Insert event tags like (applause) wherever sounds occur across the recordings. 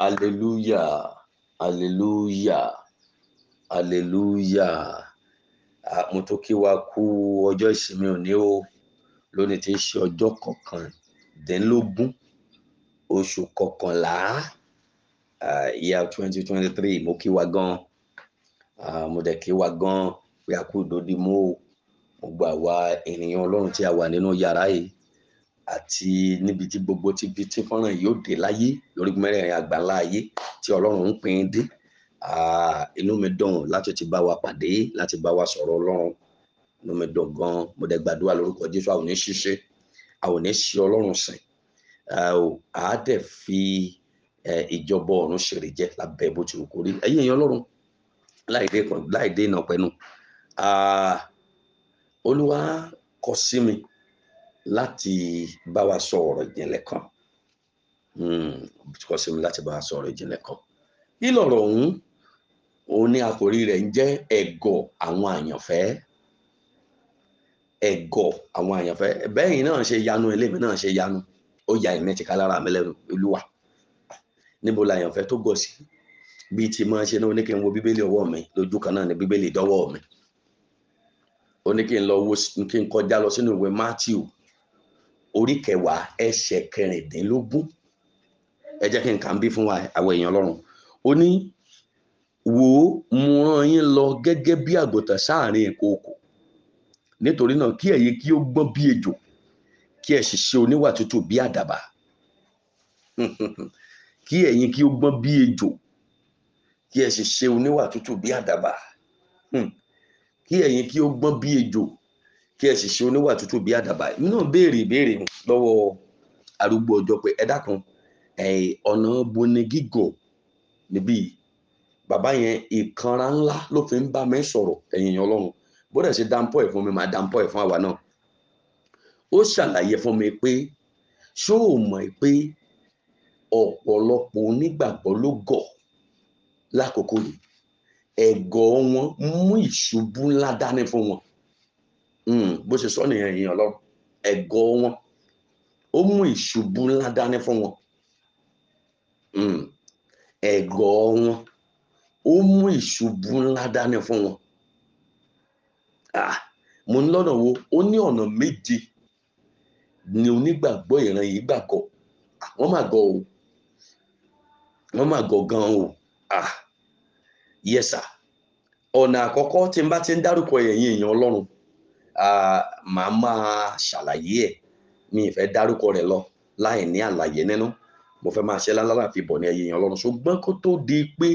aleluya aleluya aleluya mo tún kí wa kú ọjọ́ ìsinmi òní o lónìí tí í ṣe ọjọ́ kọkàndínlógún oṣù kọkànlá year twenty twenty three mo kí wa gan mo dẹ̀ kí wa gan pé a kú dòdì mú o mo gbà wá ènìyàn ọlọ́run tí a wà nínú yàrá yìí àti níbi tí gbogbo ti fi tí fọ́nrán yóò dé láyé lórí mẹ́rẹ̀ẹ̀rin àgbáńlá ayé tí ọlọ́run ń pín in dé inú mi dùn láti ti bá wa pàdé láti bá wa sọ̀rọ̀ ọlọ́run inú mi dùn gan mo dẹ̀ gbàdúrà lórúkọ jésù àwọn ní ṣiṣẹ́ àwọn ní ṣe ọlọ́run sìn à á dẹ̀ fi ìjọba ọ̀run ṣèrè jẹ́ lábẹ́ bó ti wù kó rí ẹ̀yìn èèyàn ọlọ́run láìdé ìnà olúwa kọ sí mi. láti bá wa sọ ọ̀rọ̀ ìjìnlẹ̀ kan hmm, kọ sí mi láti bá wa sọ ọ̀rọ̀ ìjìnlẹ̀ kan kí lọ̀rọ̀ ọ̀hún òun ní àkòrí rẹ̀ ń jẹ́ ẹ̀gọ̀ àwọn àyànfẹ́ ẹ̀gọ̀ àwọn àyànfẹ́ náà ṣe yanu elemi náà ṣe yanu ó ya lára mi lẹ́nu olúwa níbo la àyànfẹ́ tó gọ̀ sí ti máa ṣe ní n wo bíbélì ọwọ́ mi lójú kan náà ní bíbélì ìdọ́wọ́ mi orí kẹwàá ẹsẹ̀ kẹrìndínlógún ẹ jẹ́ kí n kà ń bí fún wa àwọn èèyàn ọlọ́run ó ní wò ó mo rán yín lọ gẹ́gẹ́ bí àgùntàn sáàrin ìkookò nítorí náà kí ẹ̀yin kí ó gbọ́n bí ejò kí ẹ sì ṣe oníwà tútù bí àdàbà (laughs) kí ẹ̀yin kí ó gbọ́n bí ejò kí ẹ sì ṣe oníwà tútù bí àdàbà hmm. kí ẹ̀yin kí ó gbọ́n bí ejò kí ẹ sì ṣe oníwà tútù bí àdàbà èmi náà béèrè ìbéèrè lọ́wọ́ arúgbó ọjọ́ pé ẹ dákun ọ̀nà boni gígùn níbí bàbá yẹn ìkanra ńlá ló fi ń bá mi sọ̀rọ̀ ẹ̀yìn ọlọ́run bódà ṣe dáńpọ̀ ẹ̀ fún mi máa dáńpọ̀ ẹ̀ fún àwa náà ó ṣàlàyé fún mi pé ṣó o mọ̀ pé ọ̀pọ̀lọpọ̀ onígbàgbọ́ ló gọ̀ lákòókò yìí ẹ̀gọ́ wọn mú ìṣubú ńlá dání fún wọn Hmm, bó ṣe sọ nìyẹn èèyàn lọ ẹ̀gọ́ wọn ó mú ìṣubú ńlá dání fún wọn hmm, wọn ó mú ìṣubú ńlá dání fún wọn ah, wo ó ní ọ̀nà méje ni onígbàgbọ́ ìran ah, wọ́n o wọ́n gan o ah, ọ̀nà àkọ́kọ́ tí n bá ti ń dárúkọ ẹ̀yìn màá máa ṣàlàyé ẹ̀ mi ìfẹ́ dárúkọ rẹ̀ lọ láì ní àlàyé nínú mo fẹ́ máa ṣe lálálà fi bọ̀ ní ẹyẹ yẹn ọlọ́run ṣùgbọ́n kó tó di pé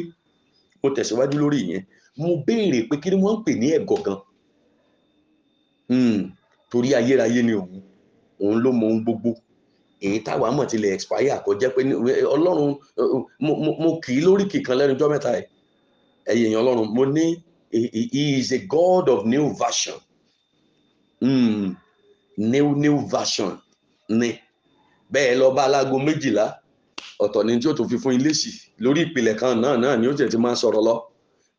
mo tẹ̀síwájú lórí ìyẹn mo béèrè pé kí ni wọ́n ń pè ní ẹ̀gọ̀ gan hmm, torí ayérayé ni òun òun ló mọ ohun gbogbo èyí táwa mọ̀ tilẹ̀ expire kò pé ọlọ́run mo kì í lórí kìkan lẹ́nu ọjọ́ mẹ́ta ẹ̀ ẹ̀yẹ yẹn ọlọ́run mo ní he is a God of new version mm, new new version ni bẹ́ẹ̀ lọ bá alágo méjìlá ọ̀tọ̀ ni tí ó tún fi fún ilé sí lórí ìpìlẹ̀ kan náà náà ni ó tẹ̀ ti máa sọ̀rọ̀ lọ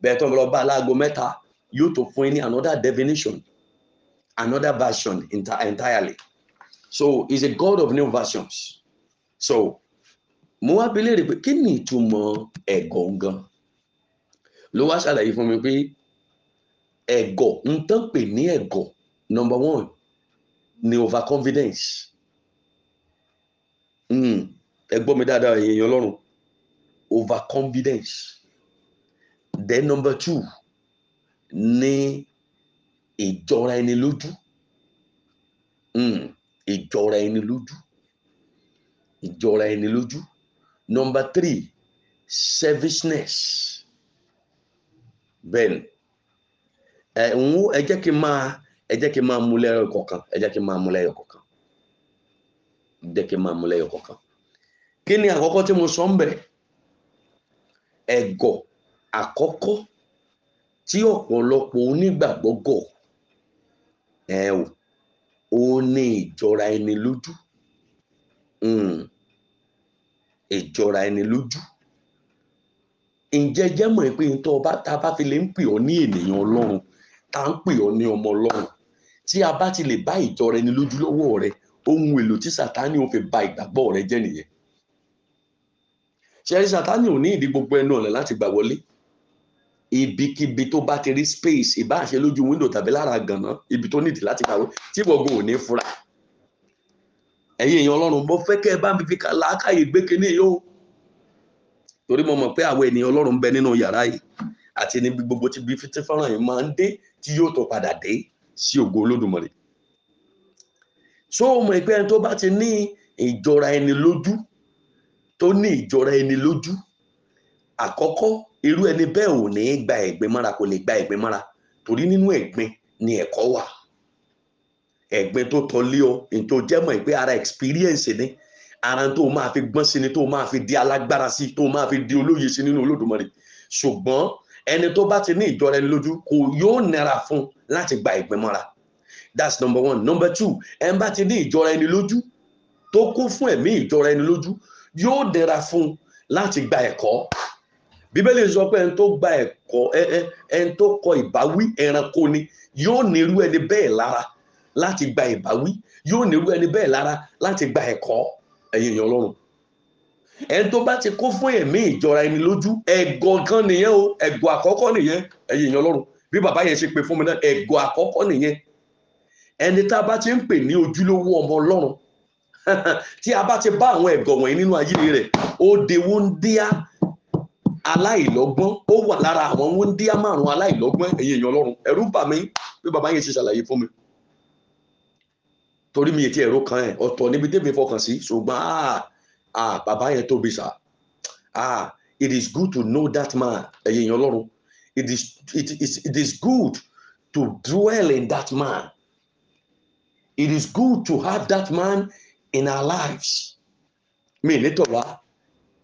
bẹ́ẹ̀ tó lọ bá alágo mẹ́ta yóò tún fún ní another definition another version entirely so he's a god of new versions so mo wá bi léèrè pé kí ni ìtumọ̀ ẹ̀gọ̀ gan ló wá ṣàlàyé fún mi pé ẹ̀gọ̀ ń tán pè ní ẹ̀gọ̀ number one ni overconfidence hmm, ẹ gbọ́ mi dáadáa èèyàn ọlọ́run overconfidence then number two ni ìjọra ẹni lójú hmm, ìjọra ẹni lójú ìjọra ẹni lójú number three selfishness bẹ́ẹ̀ni ẹ̀ ń wo ẹ jẹ́ kí n máa ẹ jẹ́ kí n máa mú lẹ́yọ kọ̀ọ̀kan ẹ jẹ́ kí n máa mú lẹ́yọ kọ̀ọ̀kan ẹ jẹ́ kí n máa mú lẹ́yọ kọ̀ọ̀kan kí ni àkọ́kọ́ tí mo sọ ń bẹ̀ ẹ̀gọ̀ àkọ́kọ́ tí ọ̀pọ̀lọpọ̀ onígbàgbọ́ gọ̀ ẹ o ó ní ìjọra ẹni lójú hmm. ìjọra ẹni lójú ǹjẹ́ jẹ́ mọ̀ pé tá a bá fi lè ń pè ọ́ ní ènìyàn ọlọ́run tá a ń pè ọ́ ní ọmọ ọlọ́run tí a bá ti lè bá ìjọ rẹ ní lójúlówó rẹ ohun èlò tí sátánì ò fi ba ìgbàgbọ́ rẹ jẹ́ nìyẹn ṣẹ́rí sátánì ò ní ìdí gbogbo ẹnu ọ̀nà láti gbà wọlé ibikíbi tó bá ti rí space ìbáṣe lójú window tàbí lára gànà ibi tó nídìí láti gbàwé tí gbogbo ò ní fura ẹ̀yin èèyàn ọlọ́run mo fẹ́ kẹ́ ẹ bá mi fi kà láàkàyè gbé kínní yìí o torí mo mọ̀ pé àwọn ènìyàn ọlọ́run ń bẹ nínú yàrá yìí àti níbi gbogbo tí bí fífẹ́ fọ́nrán yìí máa ń dé tí yóò tó padà dé sí ògo olódùmarè so ọmọ ẹgbẹ́ ẹni tó bá ti ní ìjọra ẹni lójú tó ní ìjọra ẹni lójú àkọ́kọ́ irú ẹni bẹ́ẹ̀ ò ní gba ẹ̀gbin mọ́ra kò lè gba ẹ̀gbin mọ́ra torí nínú ẹ̀gbin ni ẹ̀kọ́ wà ẹ̀gbin tó tọ́ lé ọ ní tó jẹ́ mọ̀ pé ara experience ni ara tó máa fi gbọ́n sí ni tó máa fi di alágbára sí tó máa fi di olóye sí nínú olódùmarè ṣùgbọ́n ẹni tó bá ti ní ìjọra ẹni lójú kò yóò nira fún láti gba ìgbìmọ̀ra that's number one number two ẹni bá ti ní ìjọra ẹni lójú tó kún fún ẹ̀mí ìjọra ẹni lójú yóò nira fún láti gba ẹ̀kọ́ bíbélì sọ pé ẹni tó gba ẹ̀kọ́ ẹni tó kọ ìbáwí ẹranko ni yóò nírú ẹni bẹ́ẹ̀ lára láti gba ìbáwí yóò nírú ẹni bẹ́ẹ̀ lára láti gba ẹ̀kọ́ ẹ̀yin èèyàn ẹni tó bá ti kó fún ẹ̀mí ìjọra ẹni lójú ẹ̀gọ́ gan nìyẹn o ẹ̀gọ́ àkọ́kọ́ nìyẹn ẹ̀yìn èèyàn ọlọ́run bí bàbá yẹn ṣe pè fún mi náà ẹ̀gọ́ àkọ́kọ́ nìyẹn ẹni tá a bá ti ń pè ní ojúlówó ọmọ ọlọ́run (laughs) tí a bá ti bá àwọn ẹ̀gọ́ wọ̀nyí nínú ayé rẹ̀ ó de wúndíá aláìlọ́gbọ́n ó wà lára àwọn wúndíá márùn-ún aláìlọ́gbọ́n ẹ̀yìn èèyàn ọlọ́run ẹ̀rú bà mí bí bàbá yẹn ṣe ṣàlàyé fún mi torí mi ètí ẹ̀rọ kan ẹ̀ ọ̀tọ̀ níbi tẹ́mi fọkàn sí ṣùgbọ́n ah, ah Baba yẹn tóbi sá ah it is good to know that man ẹ̀yìn èèyàn ọlọ́run it is it is it is good to dwell in that man it is good to have that man in our lives mi ní tọ̀wá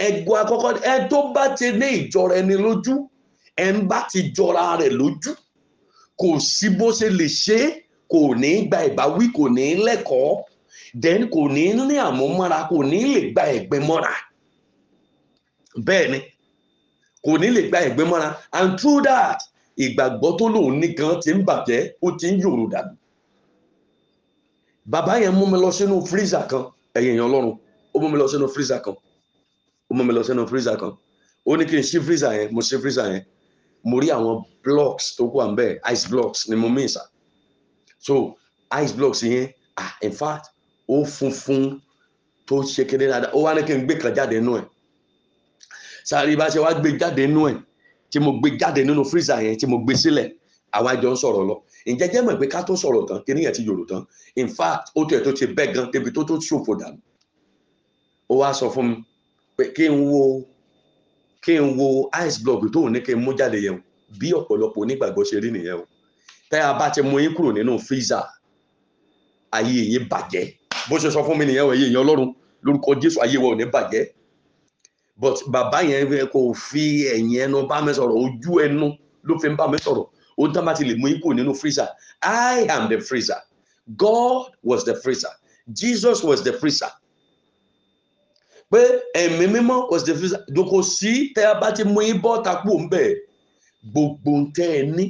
ẹgbọ́ akọ́kọ́ ẹ tó bá ti ní ìjọra ẹni lójú ẹ ń bá ti jọra rẹ̀ lójú kò sí bó ṣe lè ṣe kò ní gba ìbáwí kò ní lẹ́kọ̀ọ́ then kò ní ní àmúmọ́ra kò ní lè gba ẹ̀gbẹ́ mọ́ra bẹ́ẹ̀ ni kò ní lè gba ẹ̀gbẹ́ mọ́ra and through that ìgbàgbọ́ tó lòun nìkan ti ń bàjẹ́ ó ti ń yòrò dànù bàbá yẹn mú mi lọ sínú fírísà kan ẹ̀yìn èèyàn ọlọ́run ó mú mi lọ sínú fírísà kan ó mú mi lọ sínú fírísà kan ó ní kí n ṣí fírísà yẹn mo ṣí fírísà yẹn mo rí àwọn blocks tó kù à ice blocks ni mo mìíràn so ice blocks yẹn ah in fact ó funfun tó ṣe kéde dáadáa ó wá ní kí n gbé kan jáde nú ẹ̀ sáré bá ṣe wá gbé jáde nú ẹ̀ tí mo gbé jáde nínú freezer yẹn tí mo gbé sílẹ̀ àwa jọ ń sọ̀rọ̀ lọ ǹjẹ́ jẹ́ mọ̀ pé ká tó sọ̀rọ̀ tán kí níyẹn ti yòrò tán in fact ó tẹ̀ tó ti bẹ́ gan débi tó tó ṣòfò dànù ó wá sọ fún mi pé kí n wo kí n wo ice block tó ní kí n mú jáde yẹn bí ọ̀pọ̀lọpọ̀ onígbàgbọ́ ṣe rí nìyẹn o tẹ́ a bá ti mú yín kúrò nínú freezer ayé yín bàjẹ́ bó ṣe sọ fún mi nìyẹn ẹ̀yẹ ìyẹn ọlọ́run lórúkọ jésù ayé wa ò ní bàjẹ́ but bàbá yẹn kò fi ẹ̀yìn ẹnu bá mi sọ̀rọ̀ ojú ẹnu ló fi ń bá mi sọ̀rọ̀ ó dá bá ti lè mú ikú nínú freezer I am the freezer God was the freezer Jesus was the freezer pé ẹ̀mí mímọ́ was the freezer dòkò sí tẹ́ a bá ti mú ibọ́ takú ń bẹ̀ gbogbo tẹ́ ẹ ní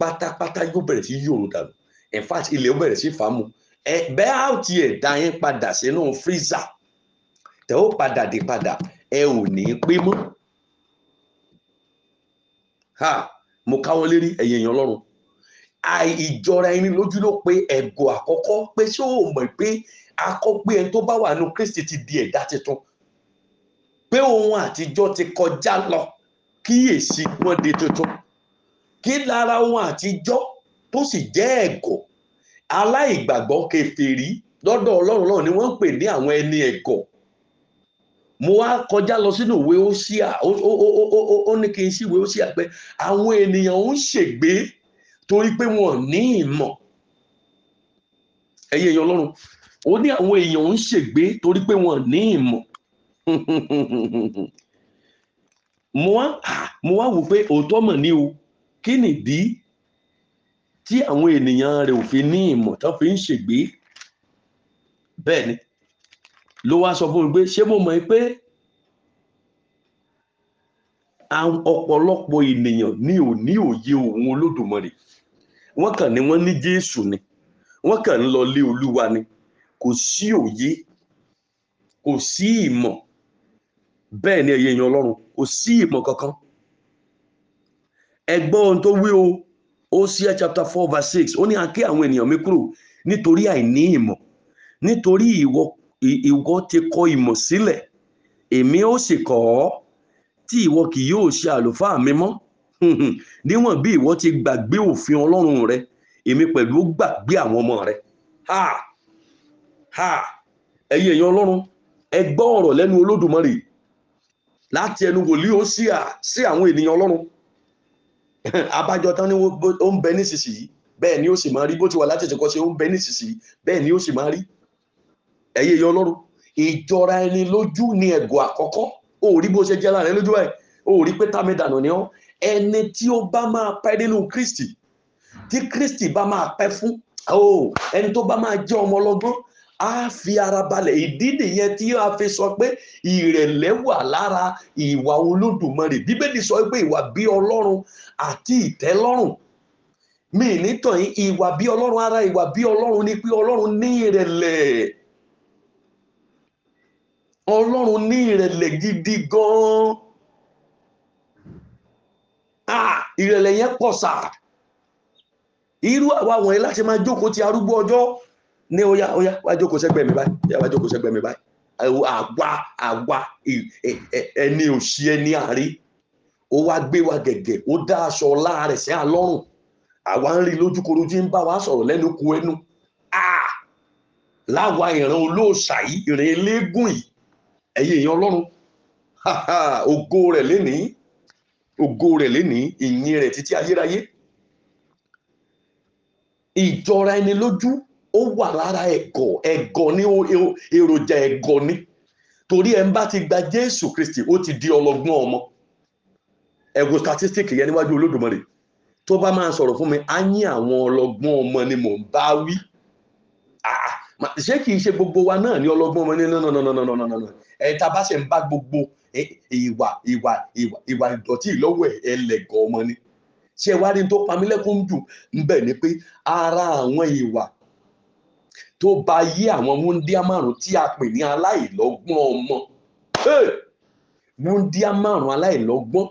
pátápátá yóò bẹ̀rẹ̀ sí yòrò dànù in fact ilẹ̀ ó bẹ̀rẹ̀ sí fàámu bẹ́ẹ̀ á ti ẹ̀dá yẹn padà sínú fírísà tẹ́ ó padà dé padà ẹ ò ní pé mọ́ mo káwọn lérí ẹ̀yìn èèyàn lọ́rùn ìjọra ẹni lójú ló pe ẹ̀gọ́ àkọ́kọ́ pé ṣé o mọ̀ pé akọ́ pé ẹni tó bá wà nínú Kristi ti di ẹ̀dá tuntun pé òun àtijọ́ ti kọjá lọ kíyèsí wọn di tuntun kí lára òun àtijọ́ tó sì jẹ́ ẹ̀gọ́ aláìgbàgbọ́ kèfèrí lọ́dọ̀ ọlọ́run náà ni wọ́n ń pè ní àwọn ẹni ẹ̀kọ́ mo wá kọjá lọ sínú ìwé Hóṣíà ó ní kí n sí ìwé Hóṣíà pé àwọn ènìyàn ń ṣègbé torí pé wọn ní ìmọ̀ ẹ̀yẹ èèyàn ọlọ́run ó ní àwọn èèyàn ń ṣègbé torí pé wọn ní ìmọ̀ (laughs) mo wá wò pé òótọ́ mọ̀ ní o kí nìdí tí àwọn ènìyàn rẹ̀ ò fi ní ìmọ̀ tán fi ń ṣègbè bẹ́ẹ̀ ni ló wá sọ fún mi pé ṣé mo mọ̀ pé ọ̀pọ̀lọpọ̀ ènìyàn ní òní òye òun olódùmarè wọ́n kàn ní wọ́n ní Jésù ni wọ́n kàn ń lọ lé Olúwa ni kò sí òye kò sí ìmọ̀ bẹ́ẹ̀ ni ẹ̀yẹ èèyàn Ọlọ́run kò sí ìmọ̀ kankan ẹ gbọ́ ohun tó wí o. Hosea chapter four verse six ó ní a ké àwọn ènìyàn mi kúrò nítorí àìní ìmọ̀ nítorí ìwọ ìwọ ti kọ ìmọ̀ sílẹ̀ èmi ó sì kọ́ ọ tí ìwọ kì yóò ṣe àlùfáà mi mọ́ (laughs) níwọ̀n bí ìwọ ti gbàgbé òfin ọlọ́run rẹ èmi pẹ̀lú gbàgbé àwọn ọmọ rẹ ha ha ẹ̀yin èèyàn ọlọ́run ẹ gbọ́ ọ̀rọ̀ lẹ́nu olódùmarè láti ẹnu wòlíì Hosea sí àwọn ènìyàn ọlọ́run (laughs) abájọ tán ni ó ń bẹ nísinsìnyí bẹ́ẹ̀ ni ó sì máa rí bó ti wà láti ìṣẹ̀kọ́ ṣe ó ń bẹ nísinsìnyí bẹ́ẹ̀ ni ó sì máa rí ẹ̀yẹ yọ ọlọ́run ìjọra ẹni lójú ni ẹ̀gọ́ àkọ́kọ́ ó rí bó ṣe jẹ́ láàrin lójú ẹ̀ ó rí pé tàmí dànù ni ọ́ ẹni tí ó bá máa pẹ́ nínú Kristi tí Kristi bá máa pẹ́ fún ẹni tó bá máa jẹ́ ọmọ ọlọ́gbọ́n á fi ara balẹ̀ ìdí nìyẹn tí a fi sọ pé ìrẹ̀lẹ̀ wà lára ìwà olódùmarè bíbélì sọ pé ìwà bí ọlọ́run àti ìtẹ́lọ́rùn mi nítàn yín ìwà bí ọlọ́run ara ìwà bí ọlọ́run ni pé ọlọ́run ní ìrẹ̀lẹ̀ ọlọ́run ní ìrẹ̀lẹ̀ gidi gan-an ah ìrẹ̀lẹ̀ yẹn pọ̀ sáà irú àwa wọ̀nyí láti máa jókòó ti arúgbó ọjọ́ ní ó yá ó yá wá jókòó sẹ́gbẹ̀ẹ́ mi báyìí yá wá jókòó sẹ́gbẹ̀ẹ́ mi báyìí àwa àwa ẹni òṣì ẹni àárí ó wá gbé wa gẹ̀gẹ̀ ó dá aṣọ ọlá rẹ̀ sí àlọ́rùn àwa ń rí lójúkorojú ń bá wa sọ̀rọ̀ lẹ́nu ku ẹnu láwa ìran olóòṣà yìí ìran eléégún yìí ẹ̀yin èèyàn ọlọ́run ògo rẹ̀ lénìí ògo rẹ̀ lénìí ìyìn rẹ̀ títí ayérayé ìjọra ẹni lójú ó wà lára ẹ̀gọ̀ ẹ̀gọ̀ ní èròjà ẹ̀gọ̀ ní torí ẹ̀ ń bá ti gba Jésù Kristi ó ti di ọlọ́gbọ́n ọmọ ẹ̀gọ̀ statistic yẹn níwájú Olódùmarè tó bá máa sọ̀rọ̀ fún mi á ní àwọn ọlọ́gbọ́n ọmọ ni mò ń bá wí ah, ṣé kìí ṣe gbogbo wa náà ní ọlọ́gbọ́n ọmọ ní nanananananana ẹ̀ tá a bá ṣe ń bá gbogbo ìwà ìwà ìwà ìwà ìdọ̀tí ìlọ́wọ́ ẹlẹ́gọ̀ ọmọ ni ṣé wàá rí tó pamílẹ́kùn dùn ń bẹ̀ ni pé ara àwọn ìwà tó ba yé àwọn wúndíá márùn tí a pè ní aláìlọ́gbọ́n ọmọ wúndíá márùn aláìlọ́gbọ́n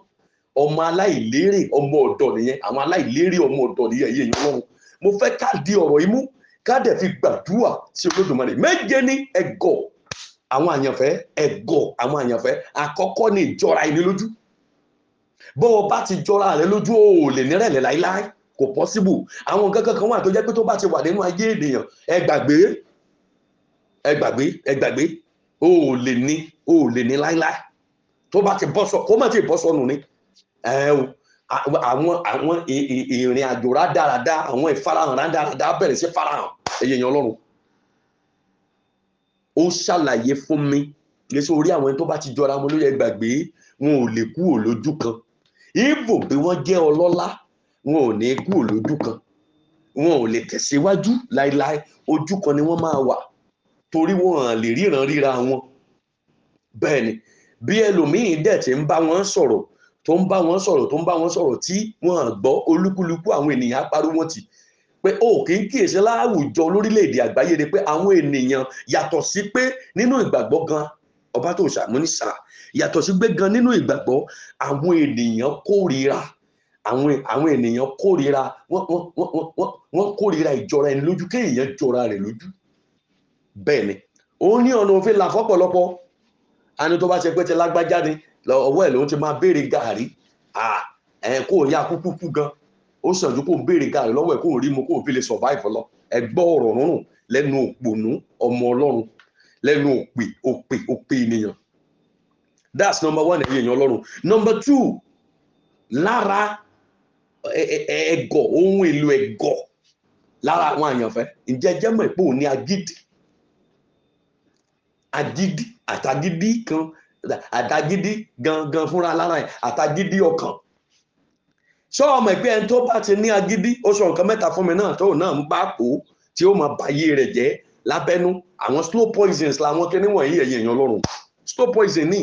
ọmọ aláìlérè ọmọ ọ̀dọ̀ nìyẹn àwọn aláìlérè ọmọ ọ̀dọ̀ nìyẹn èyí ẹ̀yìn ọlọ́run mo fẹ́ ká di ọ̀rọ̀ imú ká dẹ̀ fi gbàdúrà sí olódùmarè méje ní ẹ̀gọ́ àwọn àyànfẹ́ ẹ̀gọ́ àwọn àyànfẹ́ àkọ́kọ́ ní ìjọra ẹni lójú bó o bá ti jọra rẹ lójú o ò lè nírẹ̀lẹ̀ láíláí kò pọ́síbù àwọn nǹkan kankan wà tó jẹ́ pé tó bá ti wà nínú ayé ènìyàn ẹ gbàgbé ẹ gbàgbé ẹ gbàgbé o ò lè ní o ò lè ní láíláí tó bá ti bọ́ sọ kó má ti bọ́ sọnù ni ẹ o àwọn àwọn ìrìn àjò rádaràda àwọn ìfarahàn rádaràda bẹ̀rẹ̀ sí farahàn ẹ̀yẹ̀ yẹn ọlọ́run ó ṣàlàyé fún mi lẹ́sọ orí àwọn ẹni tó bá ti jọra wọn ló yẹ gbàgbé wọn ò lè kúrò lójú kan ibo bí wọ́n jẹ́ ọlọ́lá wọn ò ní kúrò lójú kan wọn ò lè tẹ̀síwájú láéláé ojú kan ni wọ́n máa wà torí wọn à lè ríran ríra wọn bẹ́ẹ̀ ni bí ẹlòmíín dẹ̀ ti ń bá wọn sọ̀rọ̀ tó ń bá wọn sọ̀rọ̀ tó ń bá wọn sọ̀rọ̀ tí wọn à gbọ́ olúkúlùkù àwọn ènìyàn apárúwọ́n ti pé ó kì í kíyèsí láwùjọ lórílẹ̀‐èdè àgbáyé ni pé àwọn ènìyàn yàtọ̀ sí pé nínú ìgbàgbọ́ gan ọba tó ṣàmúnisà yàtọ̀ sí pé gan nínú ìgbàgbọ́ àwọn ènìyàn kórìíra àwọn àwọn ènìyàn kórìíra wọ́n wọ́n wọ́n wọ́n kórìíra ìjọra ẹni lójú kéèyàn jọra rẹ̀ lójú bẹ́ẹ̀ ni ó ní ọ̀nà òfin là fọ́pọ̀lọpọ̀ àni tó bá ṣe pé ti lágbájá ni ọwọ́ ẹ̀ ló ti máa béèrè gàárì kó o yá kúkúkú gan ó sàn ju kó o béèrè gàárì lọ́wọ́ ẹ̀ kó o rí mu kó o fi lè survive lọ ẹ ọ̀rọ̀ rúnrún lẹ́nu òpònú ọmọ ọlọ́run lẹ́nu òpè òpè òpè ènìyàn that's number one ẹ̀yin èèyàn ọlọ́run number two lára ẹ̀gọ̀ ohun èlò ẹ̀gọ̀ lára àwọn àyànfẹ́ ǹjẹ́ jẹ́mọ̀ ìpò ní agídí agídí àtagídí kan àtagídí gangan fúnra lára ẹ̀ àtagídí ọkàn sọ ọmọ ìpẹ́ ẹni tó bá ti ní agídí ó sọ nǹkan mẹ́ta fún mi náà tó náà ń bá pò ó tí ó máa bàyé rẹ̀ jẹ́ lábẹ́nú àwọn slow poisons làwọn kíní wọ̀nyí ẹ̀yìn èèyàn lọ́rùn slow poison ni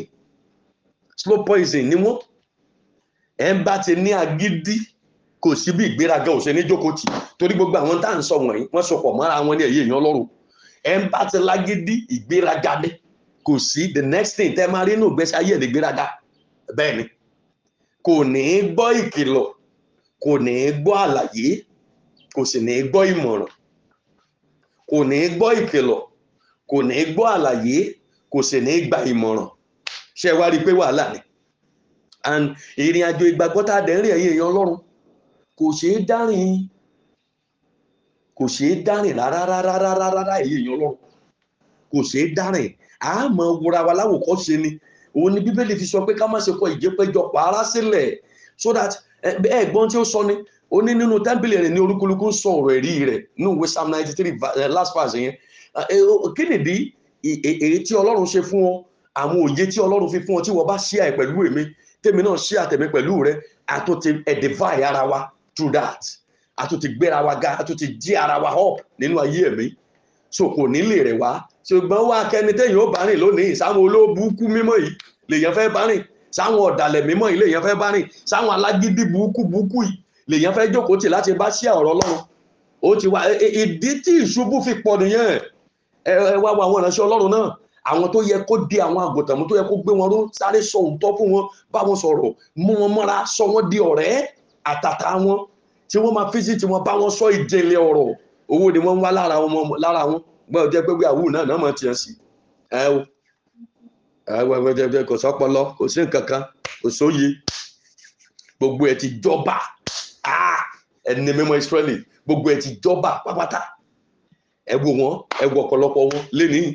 slow poison ni wọ́n ẹ̀ ń bá ti ní agídí kò sí bí ìgbéraga ò ṣe ní jókòó tì torí gbogbo àwọn tá à ń sọ wọ̀nyí wọ́n sọpọ̀ mọ́ra wọn ní ẹ̀yẹ èèyàn lọ́rùn ẹ̀ ń bá ti lágídí ìgbéraga ni kò sí the next thing tẹ́ máa rí inú ìgbésí ayé ẹ̀ ní ìgbéraga bẹ́ẹ̀ ni kò ní í gbọ́ ìkìlọ̀ kò ní í gbọ́ àlàyé kò sì ní í gbọ́ ìmọ̀ràn kò ní í gbọ́ ìkìlọ̀ kò ní í gbọ́ àlàyé kò sì ní í gba ìmọ̀ràn ṣé wá rí i pé wàhálà ni and ìrìn àjò ìgbàgbọ́ tá ẹ̀yìn èèyàn ọlọ́run kò ṣeé dárìn kò ṣeé dárìn rárá rárá rárá rárá èyí èèyàn lọ kò ṣeé dárìn a máa wúra wa láwòkọ́ ṣe ni òun ni bíbélì fi sọ pé ká má ṣe kọ ìjẹ́pẹ́jọ pààrà sílẹ̀ so that ẹ̀gbọ́n tí ó sọ ni ó ní nínú tẹ́ḿpìlì rẹ̀ ní orúkúlùkù ń sọ ọ̀rọ̀ ẹ̀rí rẹ̀ ní ìwé psalm ninety three last verse yẹn kí nìdí èyí tí ọlọ́run ṣe fún ọ àwọn òye tí ọlọ́run fi fún ọ tí wọ́n bá ṣíà ẹ̀ pẹ̀lú èmi tèmi náà ṣíà tèmi pẹ̀lú rẹ àtúntì ẹ̀dẹ̀fà ara wa through that a tún ti gbéra wa ga a tún ti jí ara wa up nínú ayé ẹ̀mí so kò nílé rẹ̀ wá ṣùgbọ́n wá kẹni téèyàn ó bá rìn lónìí sáwọn olóòbùkú mímọ́ yìí lèèyàn fẹ́ bá rìn sáwọn ọ̀dàlẹ̀ mímọ́ yìí lèèyàn fẹ́ bá rìn sáwọn alágídí burúkú burúkú yìí lèèyàn fẹ́ jókòó tì láti bá sí ọ̀rọ̀ ọlọ́run ó ti wá ìdí tí ìṣubú fi pọ̀ nìyẹn ẹ wá wo àwọn ìránṣẹ́ ọlọ́run náà àwọn tó yẹ kó di àwọn àgùntàn tó yẹ kó gbé wọn ró sáré sọ òótọ́ fún wọn bá wọn sọ̀rọ̀ mú wọn mọ́ra sọ wọn di ọ̀rẹ́ àtàtà wọn tí wọ́n máa fi sí tí wọ́n bá wọn sọ ìjìnlẹ̀ ọ̀rọ̀ owó ni wọ́n ń wá lára wọn lára wọn gbọ́dọ̀ jẹ́ pé àwù náà náà máa tiẹ̀ sí ẹ o kò sọ́pọlọ kò sí nǹkan kan kò sóye gbogbo ẹ̀ ti jọba ẹni mímọ́ Israẹli gbogbo ẹ̀ ti jọba pápátá ẹ wo wọn ẹ wo ọ̀pọ̀lọpọ̀ wọn lénìí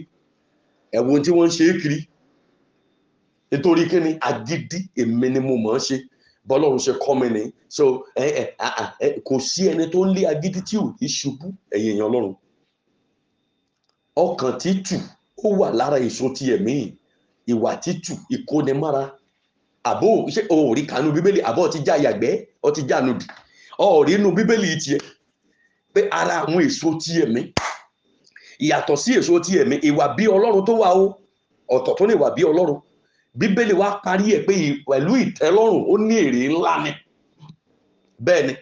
ẹ wo ohun tí wọ́n ń ṣe é kiri nítorí kíni agídí èmi ni mo mọ̀ ọ́n ṣe bọ́lọ́run ṣe kọ́ mi nìyí so kò sí ẹni tó ń lé agídí tí ò ní ṣubú ẹ̀yìn èèyàn ọlọ́run ọkàn títù ó wà lára èso ti ẹ̀mí ìwà títù ìkónimára àbó ṣé o ò rí kanú bíbélì àbọ̀ ti já yàgbẹ́ ọ ti já nùdì ọ ò rí inú bíbélì tiẹ̀ pé ara àwọn èso ti ẹ̀mí ìyàtọ̀ sí èso ti ẹ̀mí ìwà bí ọlọ́run tó wà ó ọ̀tọ̀ tó ní ìwà bí ọlọ́run bíbélì wa parí ẹ̀ pé pẹ̀lú ìtẹ́lọ́rùn ó ní èrè ńlá ni bẹ́ẹ̀ ni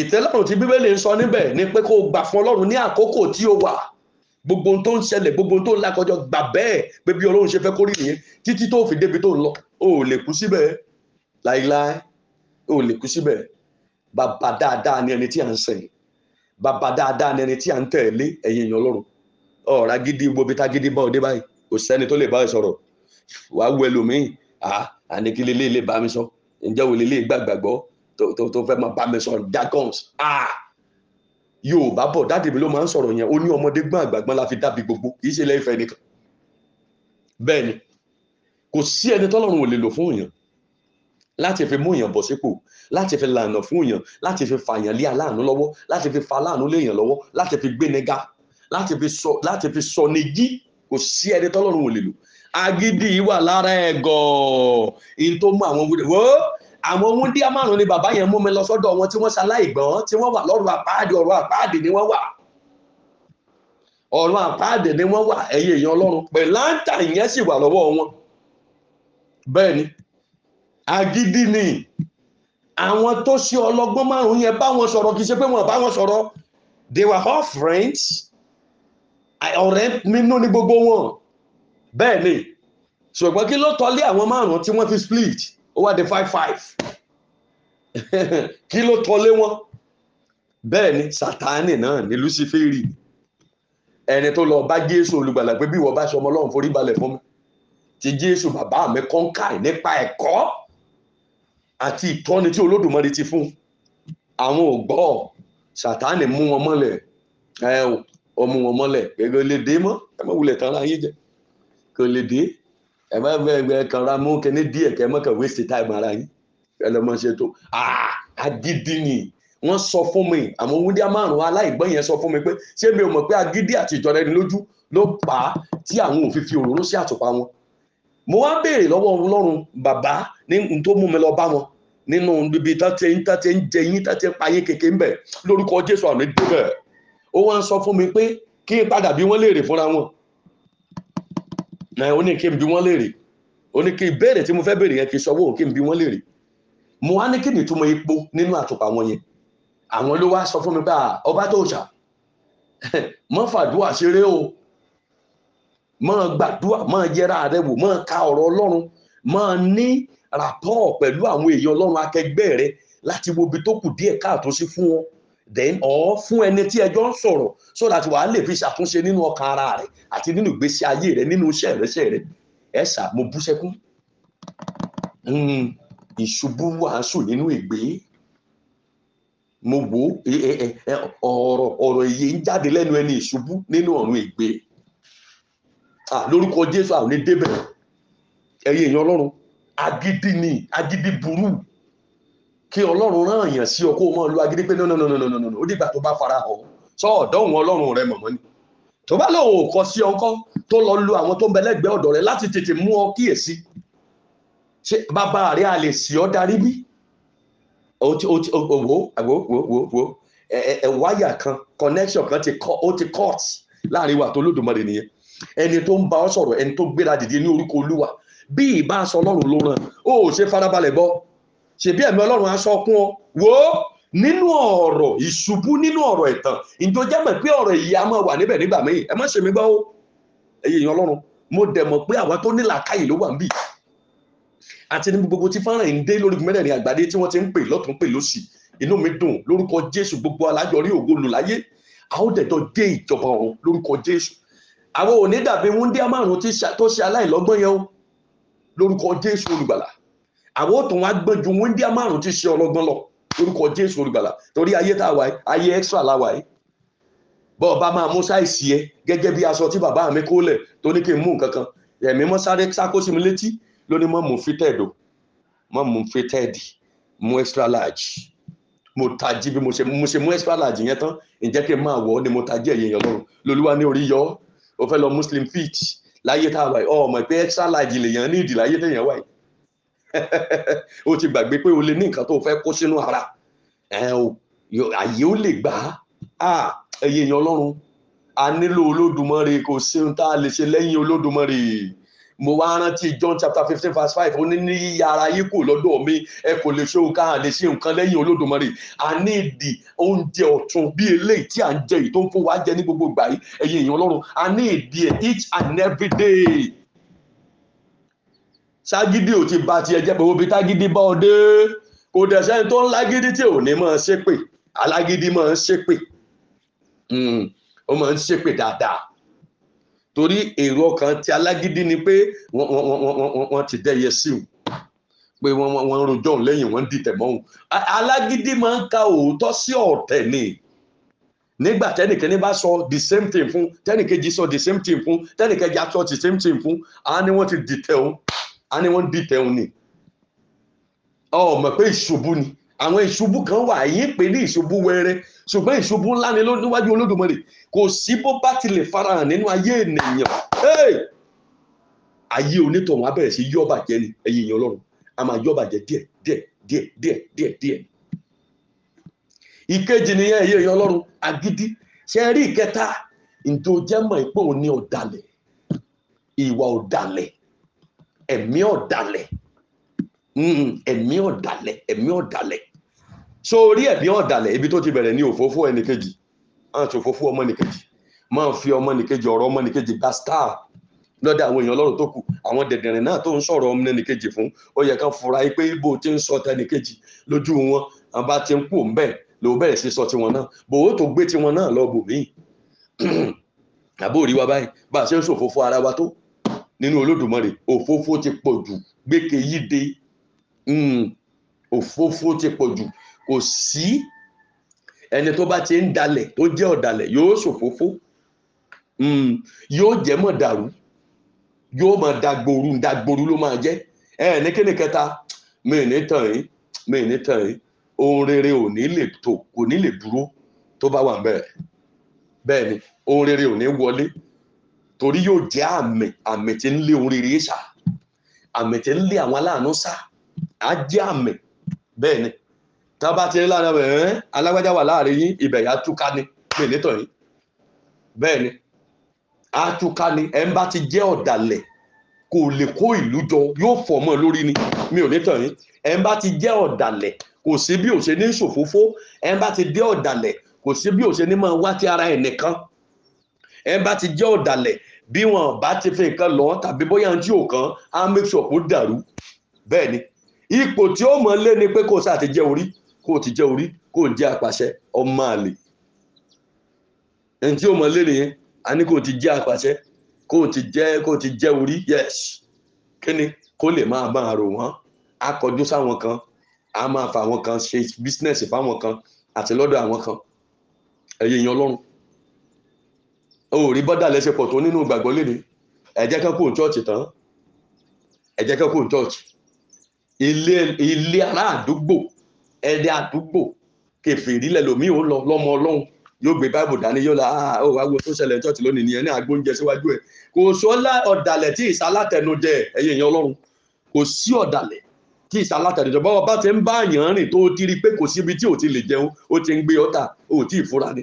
ìtẹ́lọ́rùn tí bíbélì ń sọ níbẹ̀ ni pé kó o gbà fún ọlọ́run ní àkókò tí o wà gbogbo tó ń ṣẹlẹ̀ gbogbo tó ń lakọjọ gbà bẹ́ẹ̀ pé bí ọlọ́run ṣe fẹ́ kó rí nìyẹn títí tó fi débi tó ń lọ o ò lè kú síbẹ̀ láíláí o ò lè kú síbẹ̀ bàbá dáadáa ni ẹni tí à ń sìn bàbá dáadáa ni ẹni tí à ń tẹ̀lé ẹ̀yin èèyàn ọlọ́run ọ̀rá bá òde báyìí kò sẹ́ni tó lè bá ẹ sọ̀rọ̀ wàá wẹ lómìn ah àníkílé lè lè bá mi sọ ǹjẹ́ òun lè lè gbàgbàgbọ́ tó tó fẹ́ máa bá mi sọ dagons ah yorùbá bọ̀ dáàdì mi ló máa ń sọ̀rọ̀ yẹn ó ní ọmọdé gbọ́n àgbàgbọ́n la fi dàbí gbogbo kì í ṣe lẹ́yìn fẹ́ nìkan bẹ́ẹ̀ ni kò sí ẹni tọ́lọ́run ò lè lò fún èèyàn láti fi mú èèyàn bọ̀ sípò láti fi lànà fún èèyàn láti fi fàyàn lé aláàánú lọ́wọ́ láti fi fa aláàánú lé èèyàn lọ́wọ́ láti fi gbéni ga láti fi sọ láti fi sọ ní yí kò sí ẹni tọ́lọ́run ò lè lò Agidi, wà lára ẹ̀ gọ̀ọ́ in tó mú àwọn wúdí wó àwọn wúndíá márùn ni bàbá yẹn mú mi lọ sọ́dọ̀ wọn tí wọ́n ṣaláìgbọ́n tí wọ́n wà lọ́rùn àpáàdì ọ̀rọ̀ àpáàdì ni wọ́n wà ọ̀rọ̀ àpáàdì ni wọ́n wà ẹ̀yẹ èèyàn ọlọ́run pẹ̀láńtà yẹn sì wà lọ́wọ́ wọn bẹ́ẹ̀ ni agídí ni àwọn tó ṣe ọlọ́gbọ́n márùn yẹn bá wọn sọ̀rọ̀ kìí ṣe pé wọn bá wọn sọ̀rọ̀ they were all friends ọ̀rẹ́ mímú ni gbogbo wọn bẹ́ẹ̀ ni ṣùgbọ́n kí ló tọ́lé àwọn márùn-ún tí wọ́n fi split ó wá di five five (laughs) kí ló tọ́lé wọn bẹ́ẹ̀ ni sátánì náà ni luciferi ẹni tó lọ bá jésù olùgbàlà pé bí ìwọ bá ṣe ọmọ ọlọ́run forí balẹ̀ fún mi ti jésù bàbá mi kọ́ńkà nípa ẹ̀kọ́ àti ìtọ́ni tí olódùmarè ti fún àwọn ò gbọ́ sátánì mú wọn mọ́lẹ̀ ẹ ò mú wọn mọ́lẹ̀ gbẹgbẹ lè mọ́ ẹ má wulẹ̀ tán ara jẹ́ kò lè dé ẹ bá fẹ́ ẹ kàn ra mú kẹ́ni díẹ̀ kẹ́ mọ́ kàn waste time ara yín ẹ lọ́ mọ́ ṣe tó ah, agídí ni wọ́n sọ fún mi àmọ́ wúndíá márùn-ún aláìgbọ́n yẹn sọ fún mi pé ṣé mi ò mọ̀ pé agídí àti ìjọra ẹni lójú ló pa á tí àwọn òfin fi òróró sí àtùpà wọn mo wá béèrè lọ́wọ́ ọlọ́run bàbá ní n tó mú mi lọ bá wọn nínú ibi tàtẹ ń tàtẹ ń jẹ yín tàtẹ ń pa yín kéke ń bẹ lórúkọ jésù àmì débẹ̀ ó wá ń sọ fún mi pé kí n padà bí wọ́n léèrè fúnra wọn ó ní kí n bi wọ́n léèrè ó ní kí ìbéèrè tí mo fẹ́ béèrè yẹn kí n sọwọ́ kí n bi wọ́n léèrè mo wá ní kí ni ìtumọ̀ epo nínú àtùpà wọn yẹn àwọn ló wá sọ fún mi pé ọba tó ṣà (laughs) mọ́ fàdúrà ṣeré o mọ́ gbàdúrà mọ́ yẹra rẹ wò mọ́ ka ọ̀rọ̀ ọlọ́run mọ́ ní rapport pẹ̀lú àwọn èèyàn ọlọ́run akẹgbẹ́ rẹ láti wo ibi tó kù díẹ̀ káàtó sí fún wọn then ọ fún ẹni tí ẹjọ́ ń sọ̀rọ̀ so that wàá lè fi ṣàtúnṣe nínú ọkàn ara rẹ àti nínú ìgbésí ayé rẹ nínú iṣẹ́ rẹ ṣẹ́ rẹ ẹ ṣà mo bú sẹ́kún hmm, ìṣubú wàásù nínú ìgbé mo wò ó ọ̀rọ̀ ọ̀rọ̀ èyí ń jáde lẹ́nu ẹni ìṣubú nínú ọ̀run ìgbé lórúkọ Jésù àwọn onídébẹ̀ ẹ̀yìn èèyàn Ọlọ́run agídí ni agídí burú kí ọlọ́run rán èèyàn sí ọkọ mọ́ lu agídí pé nọ́nọ́nọ́nọ́nọ́ ó dìgbà tó bá fara hàn sọ ọ̀dọ́hùn ọlọ́run rẹ mọ̀mọ́ ni tó bá lòun ò kọ sí ọkọ tó lọ lu àwọn tó ń bẹ lẹ́gbẹ̀ẹ́ ọ̀dọ̀ rẹ láti tètè mú ọ kíyèsí ṣé bàbá rẹ a lè sí ọ darí bí wo wáyà kan connection kan ó ti cut láàrin wa tó lódùmarè nìyẹn ẹni tó ń bá ọ sọ̀rọ̀ ẹni tó gbéra dìde ní orúkọ olúwa bí ìbá aṣọ ọlọ́run ló ràn ó ṣe farabalẹ̀ gbọ́ ṣèbí ẹ̀mí ọlọ́run aṣọ kún ọ wò ó nínú ọ̀rọ̀ ìṣubú nínú ọ̀rọ̀ ẹ̀tàn ìjọ jẹ́ mọ̀ pé ọ̀rọ̀ ìyá máa wà níbẹ̀ nígbà míì ẹ má ṣe mí gbọ́ ó ẹ̀yẹ èèyàn ọlọ́run mo dẹ̀ mọ̀ pé àwa tó ní làákàyè ló wà ń bì àti níbi gbogbo tí fọ́nrán ń dé lórí mẹ́rẹ̀ẹ̀rin àgbàdé tí wọ́n ti ń pè lọ́tún pè lọ́sì inú mi dùn lórúkọ jésù gbogbo alájọ rí ògo lò láyé a ó dẹ̀jọ́ dé ìjọba ọ̀run lórúkọ jésù àwọn òní dàbí wúndíá márùn-ún tó ṣe aláìlọ́gbọ́n yẹn o lórúkọ jésù olùgbàlà àwọn òtún wa gbẹ́jú wíńdíà márùn ti ṣe ọlọ́gbọ́n lọ orúkọ jésù olùgbàlà torí ayé tá a wáyé ayé extra la wáyé bọ́ ọba máa mú sáìsì ẹ gẹ́gẹ́ bí aṣọ tí bàbá mi kó lẹ̀ tó ní kí n mú nǹkan kan ẹ̀mí mọ́ sáré sákóṣí mi létí lóní mọ́ mú fítẹ́ẹ̀dù mọ́ mú fítẹ́ẹ̀dì mú extra large mo tají bí mo ṣe mú extra large yẹn tán ǹjẹ́ kí n máa wọ̀ ọ́ ni mo tají ẹ̀yẹ yẹn lọ́rùn lolúwa ní orí yọ ọ́ o fẹ́ lọ muslim fit láyé tá a wáyé ọ̀ mọ̀ pé extra large lèèyàn ní ìdí láyé téèyàn wáyé (laughs) o ti gbàgbé pé o lè ní nǹkan tó fẹ́ kó sínú ara àyè ó lè gbà á ẹyẹ èèyàn ọlọ́run a nílò olódùmarè kò sí ohun tá a lè ṣe lẹ́yìn olódùmarè mo wá rántí John chapter fifteen verse five ó ní ní yíya ara yín lọ́dọ̀ mi ẹ kò lè ṣe nǹkan a lè ṣe nǹkan lẹ́yìn olódùmarè a ní ìdí oúnjẹ ọ̀tun bí eléyìí tí à ń jẹ yìí tó wa jẹ ní gbogbo ìgbà yìí ẹ̀yin èèyàn ọlọ́run a ní ìdí each and every day ságídí ò ti ba tiẹ̀ jẹ́ pé obi tágídí bá ọ dé kò dẹ̀ sẹ́ni tó ń lágídí tí ò ní máa ṣépè alágídí máa ń ṣépè hmm, ó máa ń ṣépè dáadáa torí èrò ọkàn ti alágídí ni pé wọ́n ti dẹ́yẹ sí o pé wọ́n rojọ́ lẹ́yìn wọ́n dìtẹ̀ mọ́ òun alágídí máa ń ka òótọ́ sí ọ̀tẹ̀ ni nígbà tẹnìkẹ́ni bá sọ the same thing fún tẹnìkejì sọ the same thing fún tẹnìkejì sọ the same thing fún àá ni wọ́n ti dìtẹ̀ òun a ní wọ́n dìtẹ̀ òun ni ọmọ pé ìṣubú ni àwọn ìṣubú kan wà yín pé ní ìṣubú wẹ́rẹ́ ṣùgbọ́n ìṣubú ńlá ni níwájú olódùmarè kò sí bó bá ti lè farahàn nínú ayé ènìyàn ayé onítọ̀hún á bẹ̀rẹ̀ sí yọ́ọ̀bà jẹ́ ni ẹ̀yìn èèyàn ọlọ́run a máa yọ́ọ̀bà jẹ́ díẹ̀ díẹ̀ díẹ̀ díẹ̀ díẹ̀ díẹ̀ ìkejì nìyẹn ẹ̀yìn èèyàn ọlọ́run agídí ṣe rí ìkẹta ǹjọ́ jẹ́ mọ̀ ìpò òní ọ̀dàlẹ̀ ìwà ọ̀dàlẹ̀ ẹ̀mí ọ̀dàlẹ̀ ẹ̀mí ọ̀dàlẹ̀ ẹ̀mí ọ̀dàlẹ̀ so orí ẹ̀mí ọ̀dàlẹ̀ ibi tó ti bẹ̀rẹ̀ ní òfófó ẹnìkejì àwọn ti òfófó ọmọnìkejì máa fi ọmọnìkejì ọ̀rọ̀ ọmọnìkejì gba star lọ́dọ̀ àwọn èèyàn ọlọ́run tó kù àwọn dẹ̀dẹ̀rẹ̀ náà tó ń sọ̀rọ̀ ọmọ ẹnìkejì fún ó yẹ ká fura pé bó ti ń sọ tẹnìkejì lójú wọn àwọn bá ti ń kú òǹbẹ̀ ló bẹ̀rẹ̀ sí sọ tiwọn náà bòwó tó gbé tiwọn náà lọ bòmíì (clears throat) àbórí wa báyìí bá a ṣe ń ṣòfófó ara wa tó nínú olódùmarè òfófó ti pọ̀ jù gbéke yíde hmm, òfófó ti pọ̀ jù kò sí ẹni tó bá ti ń dalẹ̀ tó jẹ́ ọ̀dàlẹ̀ yóò ṣòfófó hmm, yóò jẹ́ mọ̀ dàrú yóò máa dagboru dagboru ló máa jẹ́ ẹ ní kíni kẹta mi ní tàn yín mi ní tàn yín ohun rere ò ní lè tò kò ní lè dúró tó bá wà ń bẹ́ẹ̀ ni ohun rere ò ní wọlé torí yóò jẹ́ àmì àmì tí ń lé orin rere sá àmì tí ń lé àwọn aláàánú sá á jẹ́ àmì bẹ́ẹ̀ ni tá a bá ti rí lára rẹ̀ ẹ́ alágbájá wà láàrin yín ibẹ̀ yà á túká ni pè létọ̀ yìí bẹ́ẹ̀ ni á túká ni ẹ̀ ń bá ti jẹ́ ọ̀dàlẹ̀ kò lè kó ìlú jọ yóò fọ̀ mọ́ lórí ni mi ò létọ̀ yìí ẹ̀ ń bá ti jẹ́ ọ̀dàlẹ̀ kò sí bí ò ṣe ní ṣòfófó ẹ̀ ń bá ti dé ọ̀dàlẹ̀ kò sí bí ò ṣe ní máa wá ti ara ẹ̀ nìkan ẹ bá ti jẹ́ ọ̀dàlẹ̀ bí wọn bá ti fi nǹkan lọ tàbí bóyá ń jí òkan á make sure kó dàrú bẹ́ẹ̀ ni ipò tí ó mọ̀ lé ni pé kò sáà ti jẹ́ orí kò ti jẹ́ orí kò ń jẹ́ apàṣẹ ọmọ àlè ẹni tí ó mọ̀ lé nìyẹn a ní kò ti jẹ́ apàṣẹ kò ti jẹ́ kò ti jẹ́ orí yes kíni kó lè máa bá àrò wọn á kọjú sáwọn kan á máa fa àwọn kan ṣe bísínẹ́sì fáwọn kan àti lọ́dọ̀ àwọn kan ẹ̀yẹ ìyẹn o ò rí bọ́dà lẹ́sẹ̀pọ̀ tó nínú ìgbàgbọ́ léde ẹ̀jẹ̀ kan kúrò ní chọ́ọ̀chì tán ẹ̀jẹ̀ kan kúrò ní chọ́ọ̀chì ilé ará àdúgbò ẹ̀dẹ̀ àdúgbò kẹfìrí lẹ́lòmíì ó lọ lọ́mọ ọlọ́run yóò gbé báìbù dání yóò la ó wá ah, oh, wo tó ṣẹlẹ̀ chọ́ọ̀chì lónìí nìyẹn ní agbóúnjẹ síwájú ẹ̀ kò sọ́lá ọ̀dàlẹ̀ tí ìsálátẹnujẹ ẹ̀yẹ ìyẹn ọlọ́run kò sí ọ̀dàlẹ̀ tí ìsálátẹnujẹ bọ́wọ́ bá ti ń bá àyàn rìn tó ti rí pé kò síbi tí ò ti lè jẹun ó ti ń gbé ọ́tà ó ti ìfura ni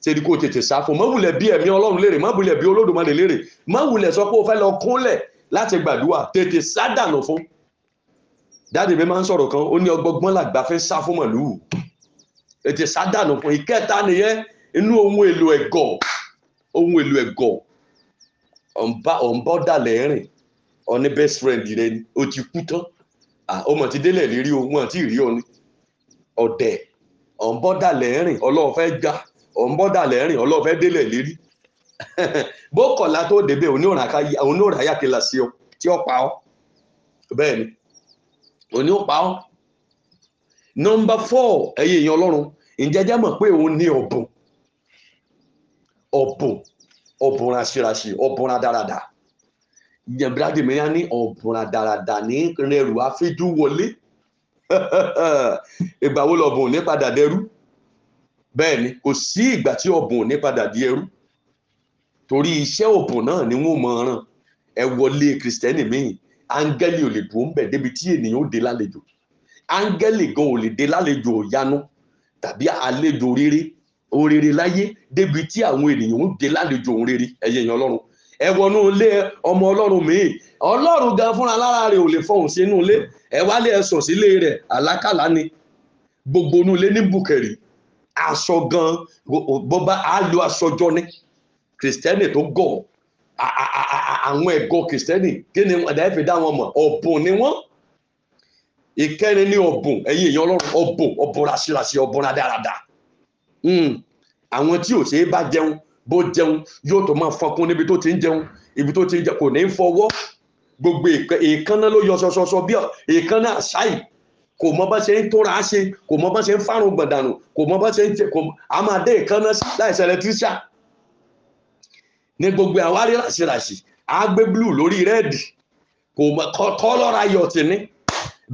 ṣe ni kò tètè sáfò má wulẹ̀ bí ẹ̀mí ọlọ́run léèrè má wulẹ̀ bí olódùmarè léèrè má wulẹ̀ sọ pé o fẹ́ lọ kúnlẹ̀ láti gbàdúrà tètè sádànù fún dáàdì mi máa ń sọ̀rọ̀ kan ó ní ọgbọ́gbọ́n làgbà fẹ́ sá fún màlúù tètè sádànù fún ìkẹta nìyẹn inú ohun èlò ẹ̀gọ́ ohun èlò ẹ̀gọ́ ọ̀nbọ́dàlẹ̀ rìn ọ̀ní best friend rẹ ni o ti kú tán ọmọ ti délẹ̀ lérí ohun àti ìrí ọ̀ni ọ̀dẹ̀ ọ̀nbọ́dàlẹ̀ rìn ọlọ́run fẹ́ gbà ọ̀nbọ́dà lẹ́rìn ọlọ́fẹ́ délẹ̀ lérí (laughs) bókọ̀lá tó débẹ̀ oníràyà kìlà sí ọ tí ó pa ọ bẹ́ẹ̀ ni òní ó pa ọ. nọmba four ẹ̀yin èèyàn ọlọ́run ìjẹ́jẹ́ mọ̀ pé òun ní ọ̀bùn ọ̀bùn ọ̀bùn raṣiraṣi ọ̀bùn radarada ìyẹ̀nbíradì mìíràn ní ọ̀bùn radarada ní rẹrù àfijúwọlé (laughs) ìgbà wo lọ̀bùn ní padà dẹrú bẹ́ẹ̀ ni kò sí ìgbà tí ọ̀bùn ò ní padà di ẹrú torí iṣẹ́ ọ̀bùn náà ni wọ́n mọ̀ ọ́ràn ẹ wọlé kìrìsìtẹ́nì míì áńgẹ́lì ò lè dùn bẹ̀ débi tí ènìyàn ó dé lálejò áńgẹ́lì gan ò lè dé lálejò òyanu tàbí àlejò rere òrèrè láyé débi tí àwọn ènìyàn ó dé lálejò òrèrè ẹ̀yẹ èèyàn ọlọ́run ẹ wọnú ilé ọmọ ọlọ́run míì ọlọ́run gan fúnra lára rẹ̀ ò lè fọhùn sínú ilé ẹ wálé ẹ sọ̀ sílé rẹ̀ àlákàlà ni gbogbo inú ilé ní bùkẹ̀rì aṣọ gan bọ́bá á lo aṣọ jọ ní kìrìsìtẹ́nì tó gọ̀ àwọn ẹ̀gọ́ kìrìsìtẹ́nì kí ni ẹ̀dá ẹ̀fẹ̀ dá wọn mọ̀ ọ̀bùn ni wọ́n ìkẹrin ní ọ̀bùn ẹ̀yìn èèyàn ọlọ́run ọ̀bùn ọ̀bùn ràṣíràṣí ọ̀bùn rádaràdà hmm, àwọn tí ò ṣe é bá jẹun bó jẹun yóò tó máa fọkún níbi tó ti ń jẹun ibi tó ti ń jẹun kò ní fọwọ́ gbogbo èékánná ló yọ ṣọṣọṣọ bí èékánná àṣáì kò mọ bá ṣe ń tóra ṣe kò mọ bá ṣe ń fárun gbọ̀dànù kò mọ bá ṣe ń tẹ kò á máa dé ìkànnà láìsẹ̀ ẹlẹtíríṣà ní gbogbo àwárí ràṣìràṣì á gbé blue lórí rẹ́ẹ̀dì kò kọ́lọ́ra yọ̀tì ní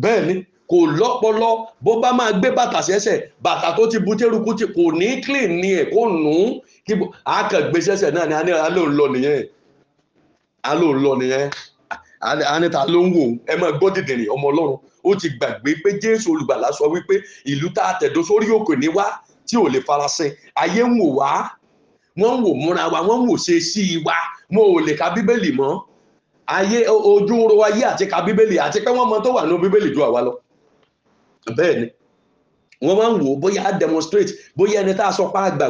bẹ́ẹ̀ ni kò lọ́pọlọ bó bá máa gbé bàtà sẹ́sẹ̀ bàtà tó ti bu tẹ́rùkú ti kò ní clean ni ẹ̀ kò nù ún kí àkàgbé sẹ́sẹ̀ náà ni a ní alẹ́ òun lọ nìyẹn alẹ́ òun lọ nìyẹn anita ló ń wò ẹ máa gbọ́ dìdìrì ọmọ ọlọ́run ó ti gbàgbé pé jésù olùgbàlà sọ wípé ìlú tá a tẹ̀dó sórí òkè ní wá tí ò lè farasin ayé ń wò wá wọ́n ń wò múra wa wọ́n ń wò ṣe sí i wa mo ò lè ka bíbélì mọ́ ayé ojú ń ro ayé àti ka bíbélì àti pé wọ́n mọ tó wà ní bíbélì ju àwa lọ bẹ́ẹ̀ ni wọ́n máa ń wò ó bóyá demonstrate bóyá ẹni tá a sọ pé a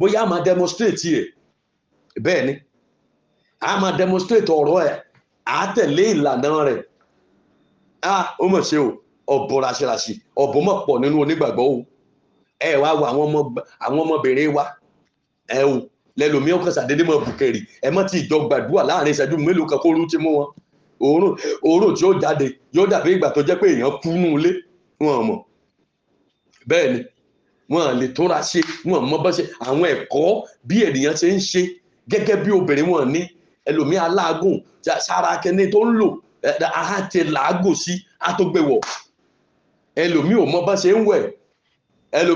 bóyá a máa demonstrate yẹ bẹ́ẹ̀ ni a máa demonstrate ọ̀rọ̀ ẹ̀ á tẹ̀lé ìlànà rẹ̀ ah ó mọ̀ ṣe o ọ̀bùn raṣiraṣi ọ̀bùn mọ̀ pọ̀ nínú onígbàgbọ́ o ẹ wá wo àwọn ọmọ àwọn ọmọbìnrin wa ẹ o lẹ́lòmí ọkàn ṣàdédé mọ̀ bùkẹ́rì ẹ mọ̀ tí ìjọ gbàdúrà láàrin ìṣẹ́jú mélòó kan kó rú ti mú wọn òórùn òórùn tí ó jáde yóò dàbí ìgbà tó jẹ́ pé èèyàn kú nù ilé wọn mọ̀ bẹ́ẹ̀ ni wọn lè tóra ṣe wọn mọ bá ṣe àwọn ẹ̀kọ́ bí ènìyàn ṣe ń ṣe gẹ́gẹ́ bí obìnrin wọn ní ẹlòmí aláàgùn sára kẹni tó ń lò Eh, eh, aha ti laago sí àtọ́gbẹ̀wọ̀ ẹlòmí ò mọ bá ṣe ń wẹ̀ eh,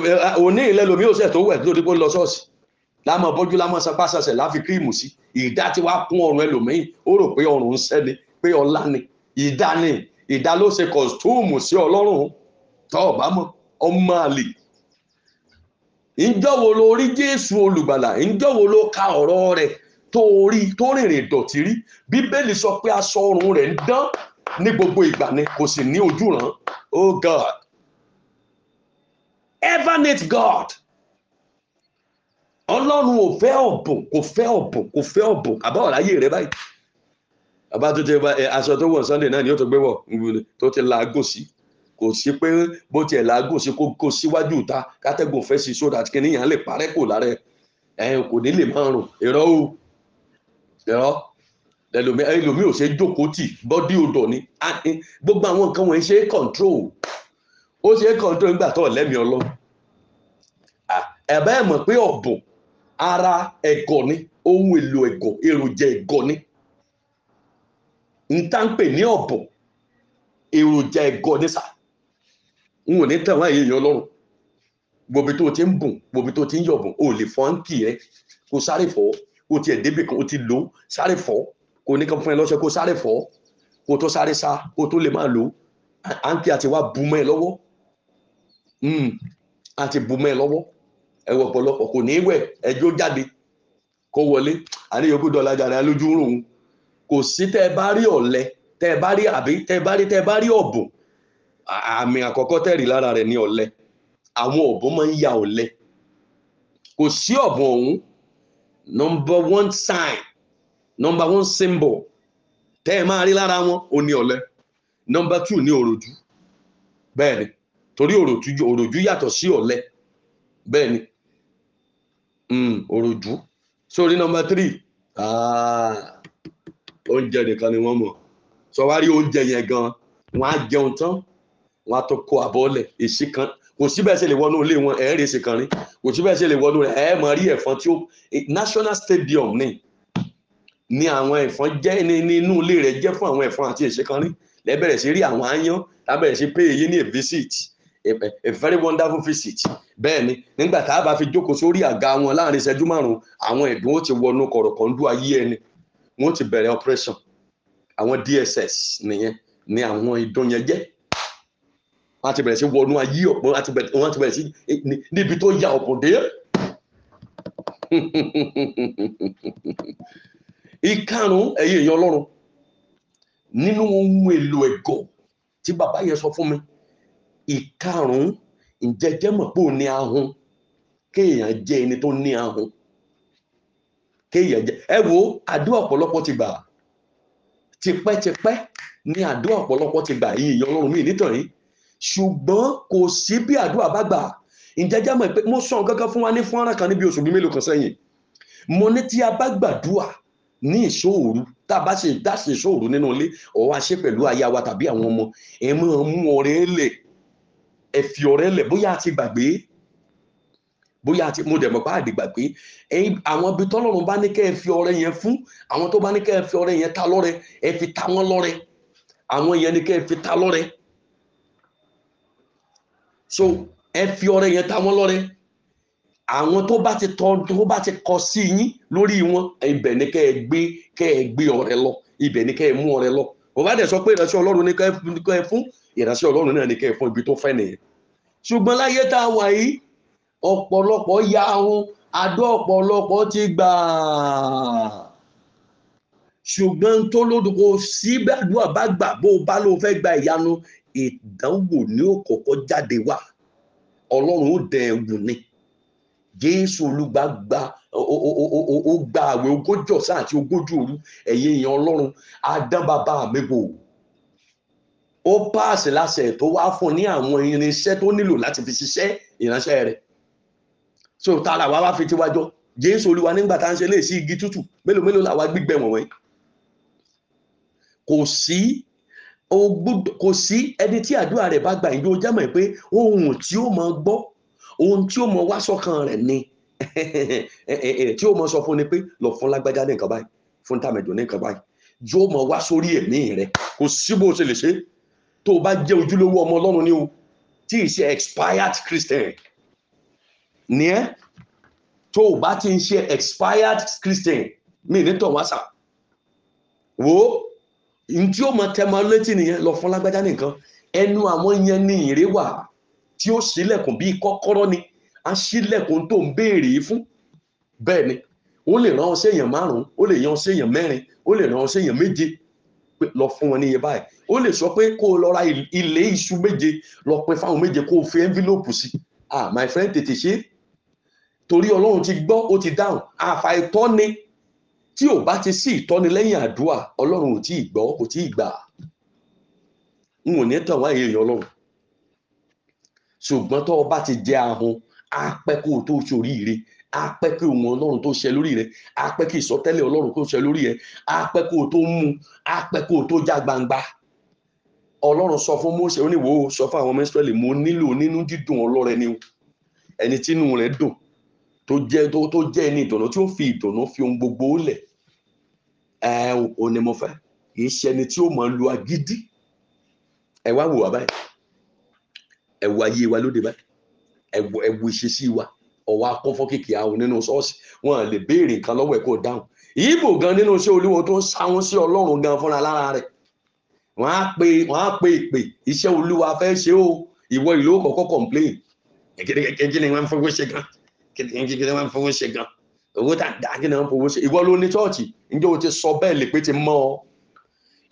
òní ilẹ̀ ẹlòmí ò sẹ̀ tó wẹ̀ lórí bó lọ sọ́ọ̀sì láàmú bọ́jú láàmú sapásasẹ̀ láfi kírìmù sí ìdá tí wàá kún ọrùn ẹlòmí ó rò pé ọrùn ń sẹ́ni pé ọlá ni ìdá ni ìdá ló ṣe sí ọmọ àlè rí jésù olùgbàlà ka ọ̀rọ̀ rẹ̀ tó rí tó rèrè dọ̀tí rí bíbélì sọ pé aṣọ ọrùn rẹ̀ ń dán ní gbogbo ìgbà ni kò sì ní ojúràn oh God ever need God ọlọ́run ò fẹ́ ọ̀bùn kò fẹ́ ọ̀bùn kò fẹ́ ọ̀bùn àbáwọ̀ láyé rẹ báyìí àbá tó ti aṣọ tó wọ̀ Sunday náà ni ó tó gbé wọ̀ tó ti làágùn sí kò sí pé bó tiẹ̀ làágùn sí kó kó síwájú ìta kátẹ́gùn fẹ́ sí so that kìnìyàn lè parẹ́ kò lára ẹ̀ kò ní lè máa rùn èrò o ẹ̀rọ ẹlòmí ẹlòmí ò ṣe jókòó tì bọ́dí odò ni gbogbo àwọn nǹkan wọ̀nyí ṣe é control ó ṣe é control nígbà tó lẹ́mìí ẹ̀bá ẹ̀ pé ọ̀bùn ara ẹ̀gọ́ ni ohun èlò ẹ̀gọ́ èròjà ẹ̀gọ́ ni ń pè ní ni sà ní tẹ̀wọ́n àyè ọlọ́run tó ti ń bùn tó ti ń yọ̀bùn ò kó tiẹ̀ débì kan ó ti lò ó sáré fọ́ kò ní kan fún ẹ lọ́sẹ̀ kó sáré fọ́ kó tó sáré sá kó tó lè máa lò ó àǹtí àti wá bu mọ́ ẹ lọ́wọ́ àǹtí hmm, bu mọ́ ẹ lọ́wọ́ ẹ wọ ọ̀pọ̀lọpọ̀ kò ní í wẹ̀ ẹjọ́ jáde kó wọlé àní yòókù dọ̀là jàre alójú ń ròhun kò sí tẹ́ ẹ bá rí ọ̀lẹ tẹ́ ẹ bá rí àbí tẹ́ ẹ bá rí tẹ́ ẹ bá rí ọ̀bùn àmì àkọ́kọ́ tẹ́rì lára rẹ̀ ní ọ̀lẹ àwọn ọ̀bùn máa ń ya ọ̀lẹ kò sí ọ̀bùn ọ̀hún number one sign number one symbol tẹ́ ẹ máa rí lára wọn ò ní ọ̀lẹ number two ní òròjú bẹ́ẹ̀ ni torí òròjú òròjú yàtọ̀ sí ọ̀lẹ bẹ́ẹ̀ ni hmm, òròjú sórí number three ah, oúnjẹ nìkan ni wọ́n mọ̀ sọ wá rí oúnjẹ yẹn gan-an wọ́n á jẹun tán wọ́n á tó kó àbọ̀ lẹ̀ èsì kan kò sí bẹ́ẹ̀ ṣe lè wọnú ilé wọn ẹ̀ẹ́rẹ́ ṣe kan rí kò sí bẹ́ẹ̀ ṣe lè wọnú rẹ̀ ẹ̀ẹ́ mọ̀ rí ẹ̀fọn tí ó national stadium ni ni àwọn ẹ̀fọn jẹ́ ní inú ilé rẹ̀ jẹ́ fún àwọn ẹ̀fọn àti èṣe kan rí lẹ́bẹ̀rẹ̀ sí rí àwọn aáyán lábẹ̀rẹ̀ sí pé èyí ní a visit a very wonderful visit bẹ́ẹ̀ ni nígbà tá a bá fi jókòó sórí àga wọn láàrin ìṣẹ́jú márùn-ún àwọn ẹ̀dùn ó ti wọnú kọ̀rọ̀kọ̀ndú ayé ẹni wọ́n ti bẹ̀rẹ̀ operation àwọn DSS nìyẹn ni àwọn ìdán yẹn jẹ́ wọ́n ti bẹ̀rẹ̀ sí wọnú ayé ọ̀pọ̀ wọ́n ti bẹ̀rẹ̀ sí eh, níbi tó ya ọ̀pọ̀ dé. (laughs) ìkarùn ẹ̀yin èèyàn ọlọ́run nínú ohun èlò ẹ̀gọ́ tí bàbá yẹn sọ fún mi ìkarùn ìjẹjẹ́ mọ̀ pé ò ní ahun kéèyàn jẹ́ ẹni tó ní ahun kéèyàn jẹ́ ẹ wo àdúrà ọ̀pọ̀lọpọ̀ ti gbà tipẹ́tipẹ́ ní àdúrà ọ̀pọ̀lọpọ̀ ti gbà yìí ìyọ́n ọlọ́run mi nítorí ṣùgbọ́n kò sí bí àdúrà bá gbà ìjẹ́jẹ́ mọ̀ pé mo sọ gángan fún wa ní fúnra kan níbi oṣù bíi mélòó kan sẹ́yìn mo ní tí a bá gbàdúrà ní ìṣòòru tá a bá ṣe dáṣe ìṣòòru nínú ilé ọ̀ ṣe pẹ̀lú aya wa tàbí àwọn ọmọ ẹ máa mú ọ̀rẹ́ lẹ̀ ẹ fi ọ̀rẹ́ lẹ̀ bóyá a ti gbàgbé bóyá àti mo dẹ̀mọ̀ bá àdìgbà pé àwọn ibi tọ́lọ́run bá ní kẹ́ ẹ fi ọrẹ yẹn fún àwọn tó bá ní kẹ́ ẹ fi ọrẹ yẹn ta lọ́rẹ ẹ fi ta wọ́n lọ́rẹ àwọn yẹn ní kẹ́ ẹ fi ta lọ́rẹ so ẹ fi ọrẹ yẹn ta wọn lọ́rẹ àwọn tó bá ti tọ tó bá ti kọ sí yín lórí wọn ibẹ̀ ni kẹ́ ẹ gbé kẹ́ ẹ gbé ọrẹ lọ ibẹ̀ ni kẹ́ ẹ mú ọrẹ lọ bàbá dẹ̀ sọ pé ìránṣẹ́ ọlọ́run ni kẹ́ ẹ fún ìránṣẹ́ ọlọ́run náà ni kẹ́ ẹ fún ibi tó fẹ́ nìyẹn ṣùgbọ́n láyé tá a wà yìí ọ̀pọ̀lọpọ̀ ya ahun àdó ọ̀pọ̀lọpọ̀ ti gbà á tó lódò kò sí àdúrà bá gbà bó o bá lóun fẹ́ gba ìyanu ìdánwò ní òkòkò jáde wá ọlọ́run ó dẹ ẹ̀wù ni jésù olúgba gba ó gba àwẹ̀ ogójì ọ̀sán àti ogójì òru ẹ̀yin èèyàn ọlọ́run adán bàbá mi bò ó páàsì láṣẹ tó wá fún ní àwọn irinṣẹ́ tó nílò láti fi ṣiṣẹ́ ìránṣẹ́ rẹ̀ so tààrà wá wá fi tiwájọ́ jésù olúwa nígbà tá à ń ṣe léèṣí igi tútù mélòó mélòó làwa gbígbẹ wọ̀nyí kò sí kò sí ẹni tí àdúrà rẹ̀ bá gbà ìjọ jẹ́ mọ̀ pé ohun tí ó mọ gbọ́ ohun tí ó mọ wá sọ́kàn rẹ̀ ni (laughs) eh, eh, eh, tí ó mọ sọ fún ni pé lọ fún lágbájá ní nǹkan báyìí fún tàmẹ̀dùn ní nǹkan báyìí yóò mọ wá sórí ẹ̀mí rẹ̀ kò sí bó ṣe lè ṣe tó o bá jẹ́ ojúlówó ọmọ ọlọ́run ni o tí ì ṣe expired christian ní ẹ́ tó o bá ti ń ṣe expired christian mi ní tọ̀ wá sà wò ó ntí ó mọ tẹmọ létí nìyẹn lọ fún lágbájá nìkan ẹnu àwọn yẹn ní ìrè wà tí ó ṣílẹ̀kùn bíi kọ́kọ́rọ́ ni a ṣílẹ̀kùn tó ń béèrè fún bẹ́ẹ̀ ni ó lè rán ọsẹ èèyàn márùn-ún ó lè yan ọsẹ èèyàn mẹ́rin ó lè rán ọsẹ èèyàn méje lọ fún wọn níye báyìí ó lè sọ pé kó o lọ ra ilé iṣu méje lọ pin fáwọn méje kó o fi envelope sí ah my friend tètè ṣe torí ọlọ́run ti gbọ́ ó ti dáhùn àfàìtọ́ ni tí ò bá ti sí ìtọ́nilẹ́yìn àdúà ọlọ́run ò tí ì gbọ́ kò tí ì gbà n ò ní tàn wá èèyàn ọlọ́run ṣùgbọ́n tó o bá ti jẹ ahun apẹ́ kó o tó ṣoríire apẹ́ kí ohun ọlọ́run tó ṣẹ lórí rẹ apẹ́ kí ìsọtẹ́lẹ̀ ọlọ́run kó ṣẹ lórí rẹ apẹ́ kó o tó mú apẹ́ kó o tó já gbangba ọlọ́run sọ fún Mósè oníwòó sọ fún àwọn ọmọ Ísírẹ́lì mo nílò nínú dídùn ọlọ́rẹ ni ẹni tí inú dùn tó jẹ́ tó jẹ́ ní ìdùnnú tí ó fi ìdùnnú fi ohun gbogbo lẹ̀ ẹ ò ní mo fẹ́ kì í ṣe ẹni tí ó mọ̀ lu agídí ẹ wá wò wá báyìí ẹ wo ayé wa lóde báyìí ẹ wo ìṣesí wa ọwọ́ akọ́fọ́ kékeré àwọn nínú ṣọ́ọ̀ṣì wọn lè béèrè nǹkan lọ́wọ́ ẹ̀ kó dáhùn ìbò gan nínú iṣẹ́ olúwo tó ń sáwọn sí ọlọ́run gan fúnra lára rẹ̀ wọ́n á pe wọ́n á pe ìpè iṣẹ́ olúwa fẹ́ ṣe o ìwọ ìlú kọ̀ọ̀kọ́ complain kí ni wọ́n fọwọ́ ṣe gan kíni wọ́n fowó ṣe gan owó dáadáa kíni wọ́n fowó ṣe ìwọ ló ní ṣọ́ọ̀ṣì ǹjẹ́ o ti sọ bẹ́ẹ̀ lè pé ti mọ́ ọ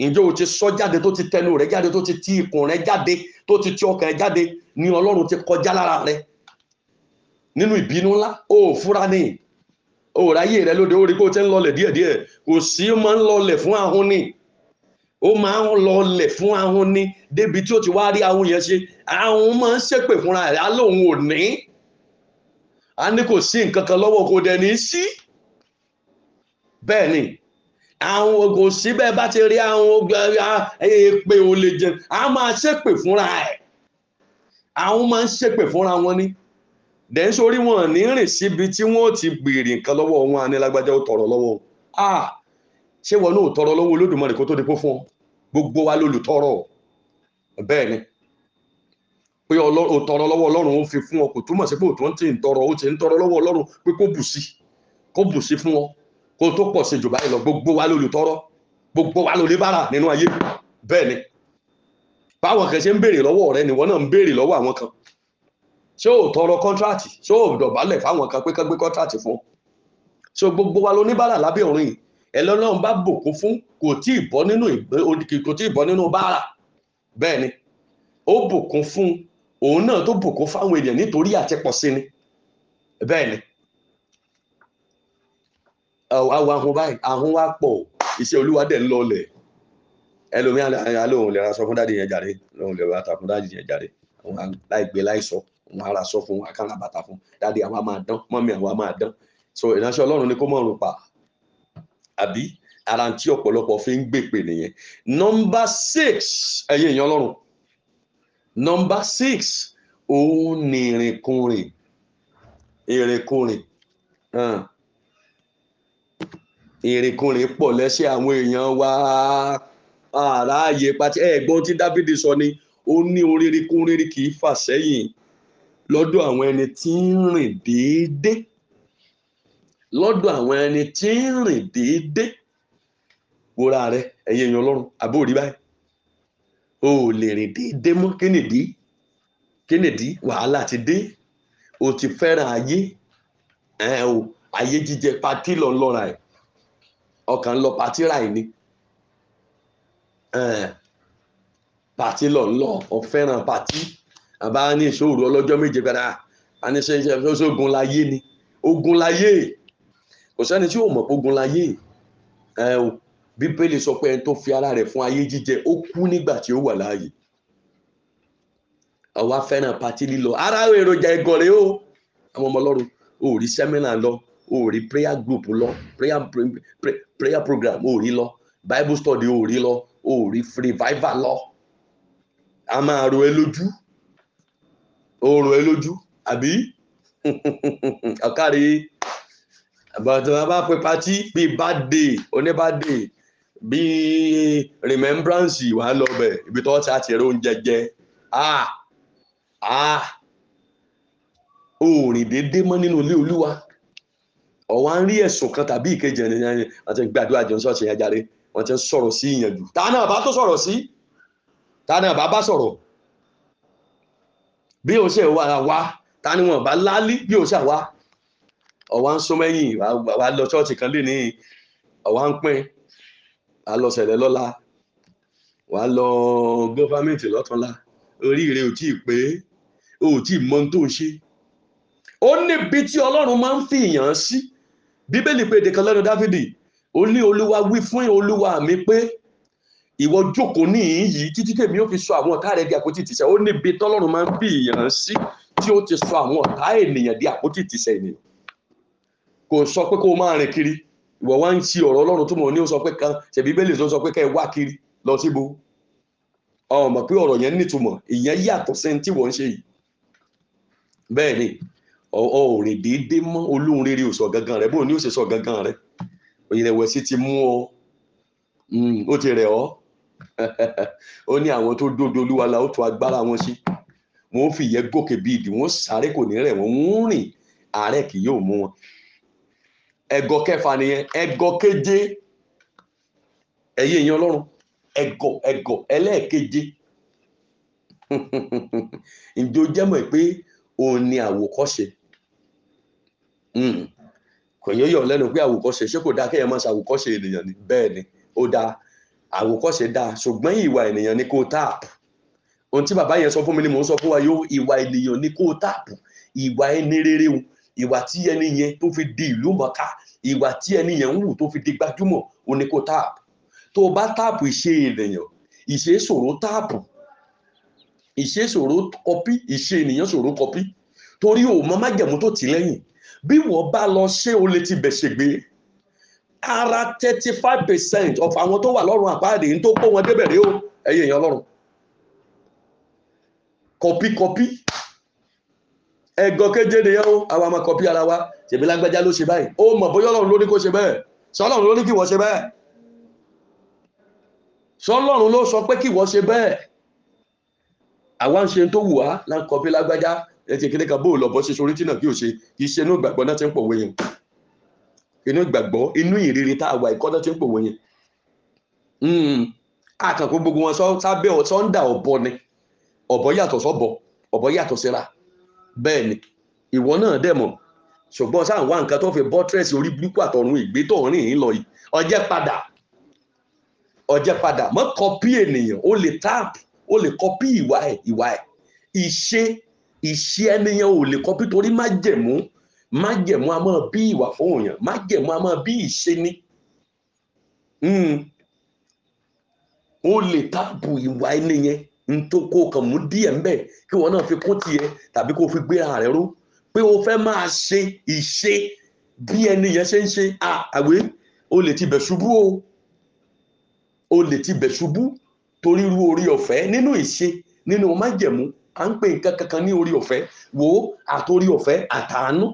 ǹjẹ́ o ti sọ jáde tó ti tẹnu rẹ jáde tó ti ti ikùn rẹ jáde tó ti ti ọkàn rẹ jáde ni ọlọ́run ti kọjá lára rẹ nínú ìbínú ńlá o ò fúra ní o ò ráyè rẹ lóde ó rí kó o ti ń lọlẹ̀ díẹ̀díẹ̀ kò sí ó máa ń lọlẹ̀ fún ahun ni ó máa ń lọlẹ̀ fún ahun ni débi tí ó ti wá rí ahun yẹn ṣe ahun máa ń ṣépè fúnra rẹ̀ á lóun ò ní a ní kò sí nǹkan kan lọ́wọ́ kò dẹ̀ ní sí bẹ́ẹ̀ ni àwọn ogun síbẹ̀ bá ti rí àwọn ogun èpè ò lè jẹ a máa ṣépè fúnra ẹ̀ àwọn máa ń ṣépè fúnra wọn ni dẹ́n sórí wọn ní rìn síbi tí wọ́n ti gbèrè nǹkan lọ́wọ́ wọn anílágbájá ó tọrọ lọ́wọ́ a ṣé wọn náà tọrọ lọ́wọ́ Olódùmarè kó tó di pé fún ọ gbogbo wa lólùtọrọ bẹ́ẹ̀ ni pé o tọrọ lọ́wọ́ ọlọ́run ó fi fún ọ kò túmọ̀ sí pé òtún ń tì ń tọrọ ó ti ń tọrọ lọ́wọ́ ọlọ́run pé kó bù sí kó bù sí fún ọ kó tó pọ̀ sí jù báyìí lọ gbogbo wa lólùtọrọ gbogbo wa lóníbàárà nínú ayé bẹ́ẹ̀ ni báwọn kan ṣe ń béèrè lọ́wọ́ rẹ nìwọ náà ń béèrè lọ́wọ́ àwọn kan ṣé ò tọrọ kọ́ńtíráàtì ṣé ò dọ̀bálẹ̀ fáwọn kan pé kán gbé kọ́ńtíráàtì fún ṣé gbogbo wa lóníbàárà lábẹ́ òrùn yìí ẹlọ́lọ́run bá bòkó fún kò tí ì bọ́ nínú báárà bẹ́ẹ̀ ni ó bòkó fún òun náà tó bùkún fáwọn èèyàn nítorí àti pọ̀ sí ni bẹ́ẹ̀ ni àwọn ahun báyìí ahun wa pọ̀ iṣẹ́ olúwa dẹ̀ ń lọlẹ̀ ẹlòmí alóhùn lè ra sọ fún dáàdì yẹn jàre lóhùn lè ra ta fún dáàdì yẹn jàre àwọn láìgbé láìsọ àwọn ara sọ fún akára bàtà fún dáàdì àwa máa dán mọ́mí àwa máa dán so ìránṣẹ́ ọlọ́run ni kó mọ̀rùn pa àbí ara tí ọ̀pọ̀lọpọ̀ fi ń gbèpè nìyẹn nọmba six ẹ̀yin èèyàn nọmba six òun ni ìrìnkùnrin ìrìnkùnrin ìrìnkùnrin pọ̀ lẹ́sẹ̀ àwọn èèyàn wa àráàyè pati ẹ̀gbọ́n tí Dáfídì sọ ni ó ní oríire kúnrere kì í fà sẹ́yìn lọ́dọ̀ àwọn ẹni tí ń rìn déédé lọ́dọ̀ àwọn ẹni tí ń rìn déédé wúra rẹ ẹ̀yin èèyàn Ọlọ́run àbórí báyìí o ò lè rìn déédéé mọ́ kí nìdí kí nìdí wàhálà ti dé o ti fẹ́ràn ayé ẹ̀ o ayé jíjẹ patí lọ lọ́ra ẹ̀ ọkàn lọ patí ra ẹ̀ ni patí lọ lọ ọ fẹ́ràn patí àbá ní ìṣòro ọlọ́jọ́ méje padà a ní ṣe iṣẹ́ fẹ́ sógun láyé ni ogun láyé kò sẹ́ni tí ò mọ̀ ogun láyé ẹ̀ o bíbélì sọ pé ẹni tó fi ara rẹ̀ fún ayé jíjẹ ó kú nígbà tí ó wà láàyè àwa fẹ́ràn pati lílọ ara èròjà ìgọ̀rẹ́ o àwọn ọmọ ọlọ́run o ò rí sẹ́mínà lọ o ò rí prayer group lọ prayer, prayer, prayer program o ò rí lọ bible study o ò rí lọ o rí revival lọ a máa ro ẹ lójú o ro ẹ lójú àbí (laughs) ọ̀kárí àbàtàn bá pe pati bíi bad day oní bad day bí remembrance wà á lọ bẹ̀ ibi tó ti àti oúnjẹ jẹ ah ah òòrìn déédéé mọ́ nínú ilé olúwa ọ̀wá ń rí ẹ̀sùn kan tàbí ìkejì ẹni ẹni àti gbàdúrà jọ ń sọ̀tì yẹn jáde wọ́n ti ń sọ̀rọ̀ sí ìyànjú ta náà bá tó sọ̀rọ̀ sí ta náà bá bá sọ̀rọ̀ bí o ṣe wà wá ta ni wọn bá lálí bí o ṣe wá ọ̀wá ń sún mẹ́yìn wà lọ ṣọ́ọ̀ṣì kan lè ní ọ̀wá ń pín a lọ sẹ̀rẹ̀ lọ́la wàá lọ gọ́fàmẹ̀ntì lọ́túnla oríire ò tí ì pé o ò tí ì mọ ohun tó ṣe ó níbi tí ọlọ́run máa ń fi ìyàn sí bíbélì pé èdè kan lẹ́nu dáfídì ó ní olúwa wí fún olúwa mi pé ìwọ jókòó ní yìí títí tèmi ó fi sọ àwọn ọ̀tá rẹ di àpótí ìtìsẹ̀ ó níbi tọ́lọ́run máa ń fi ìyàn sí tí ó ti sọ àwọn ọ̀tá ènìyàn di àpótí ìtìsẹ̀ ènìyàn kò sọ pé kó máa rìn kiri ìwọ wá ń ṣe ọ̀rọ̀ ọlọ́run tó mọ̀ ní o sọ pé kan ṣe bíbélì tó sọ pé ká ẹ wá kiri lọ síbo ọmọ pé ọ̀rọ̀ yẹn nítumọ̀ ìyẹn yàtọ̀ sí tí wọ́n ń ṣe yìí bẹ́ẹ̀ ni ọ̀rìn déédé mọ́ olóhùn rere ò sọ gangan rẹ bóun ni ó ṣe sọ gangan rẹ ìrẹ̀wẹ̀sì ti mú ọ hmm, ó ti rẹ̀ ọ́ (laughs) ó ní àwọn tó dódo olúwa la ó tó agbára wọn sí wọn ó fi ìyẹn gòkè bíi ìdí wọn sáré kò ní rẹ̀ wọn ń rìn àárẹ̀ kì yóò mú wọn ẹ̀gọ́ kẹfà nìyẹn ẹ̀gọ́ keje ẹ̀yẹ èèyàn ọlọ́run ẹ̀gọ́ ẹ̀gọ́ ẹlẹ́ẹ̀keje (laughs) ǹjẹ́ o jẹ́ mọ̀ pé òun ni àwòkọ́ṣe hmm. kò yẹ yọ̀ lẹ́nu pé àwòkọ́ṣe ṣé kò dáa kéèyàn máa ṣàwòkọ́ṣe ènìyàn ni bẹ́ẹ̀ ni ó dáa àwòkọ́ṣe dáa ṣùgbọ́n ìwà ènìyàn ni kò táàpù ohun tí bàbá yẹn sọ fún mi ni mò ń sọ fún wa yóò ìwà ènìyàn ni kò táàpù ìwà ẹni rere o ìwà tí ẹni yẹn tó fi di ìlú mọ̀ká ìwà tí ẹni yẹn ń wù tó fi di gbajúmọ̀ ó ní kó táàpù tó o bá táàpù ìṣe ènìyàn ìṣe ṣòro táàpù ìṣe ṣòro kọpí ìṣe ènìyàn ṣòro kọpí torí o mọ májẹ̀mú tó ti lẹ́yìn bí wọ́n bá lọ ṣé o lè ti bẹ̀ ṣègbè ara thirty five percent of àwọn tó wà lọ́rùn àpáàdé ń tó kó wọn débẹ̀ rí o ẹ̀yìn ọlọ́run kọpí kọpí ẹ̀gọ́ kéje nìyẹn o àwa máa kọ́pì ara wa ṣèbí lágbájá ló ṣe báyìí ó mọ̀ bóyá ọlọ́run ló ní kó ṣe bẹ́ẹ̀ sọlọ́run ló ní kí wọ́n ṣe bẹ́ẹ̀ sọlọ́run ló sọ pé kí wọ́n ṣe bẹ́ẹ̀ àwa ń ṣe tó wù wá là ń kọ́pì lágbájá ẹtì kékeré kan bóòlù ọ̀bọ ṣe sorí tìǹà kí o ṣe kì í ṣe inú ìgbàgbọ́ náà ti ń pòwe yẹn inú ìgbàgbọ́ inú ìrírí tá a wà ìkọ́ náà ti ń pòwe yẹn àkànkó hmm. gbogbo wọn sábẹ́ ọ̀ sọ́ńdà ọ̀bọ ni ọ̀bọ yàtọ̀ sọ́bọ ọ̀bọ yàtọ̀ síra bẹ́ẹ̀ ni ìwọ náà dẹ̀ mọ̀ ṣùgbọ́n sáà wá nǹkan tó fi bọ́tírẹ́sì orí burúkú àtọ̀run ìgbé tó rìn ín lọ yìí ọjẹ́ padà ọjẹ́ padà mọ́ kọpí ènìyàn ó lè táàpù ó lè kọpí ìwà ẹ̀ ìwà ẹ̀ ìṣe ìṣe ẹniyàn ò lè kọpí torí májẹ̀mú májẹ̀mú a máa bí ìwà fún èèyàn májẹ̀mú a máa bí ìṣe ni ó hmm. lè táàpù ìwà ẹniyàn n tó kó kàn mú díẹ̀ ńbẹ̀ kí wọn náà fi kún tiẹ̀ tàbí kó fi gbéra rẹ̀ ró pé o fẹ́ máa ṣe ìṣe bí ẹni yẹn ṣe ń ṣe àwé o lè ti bẹ̀ ṣubú o o lè ti bẹ̀ ṣubú torí irú orí ọ̀fẹ́ nínú ìṣe nínú májẹ̀mú à ń pè nǹkan kankan ní orí ọ̀fẹ́ wò ó àtòrí ọ̀fẹ́ àtàánú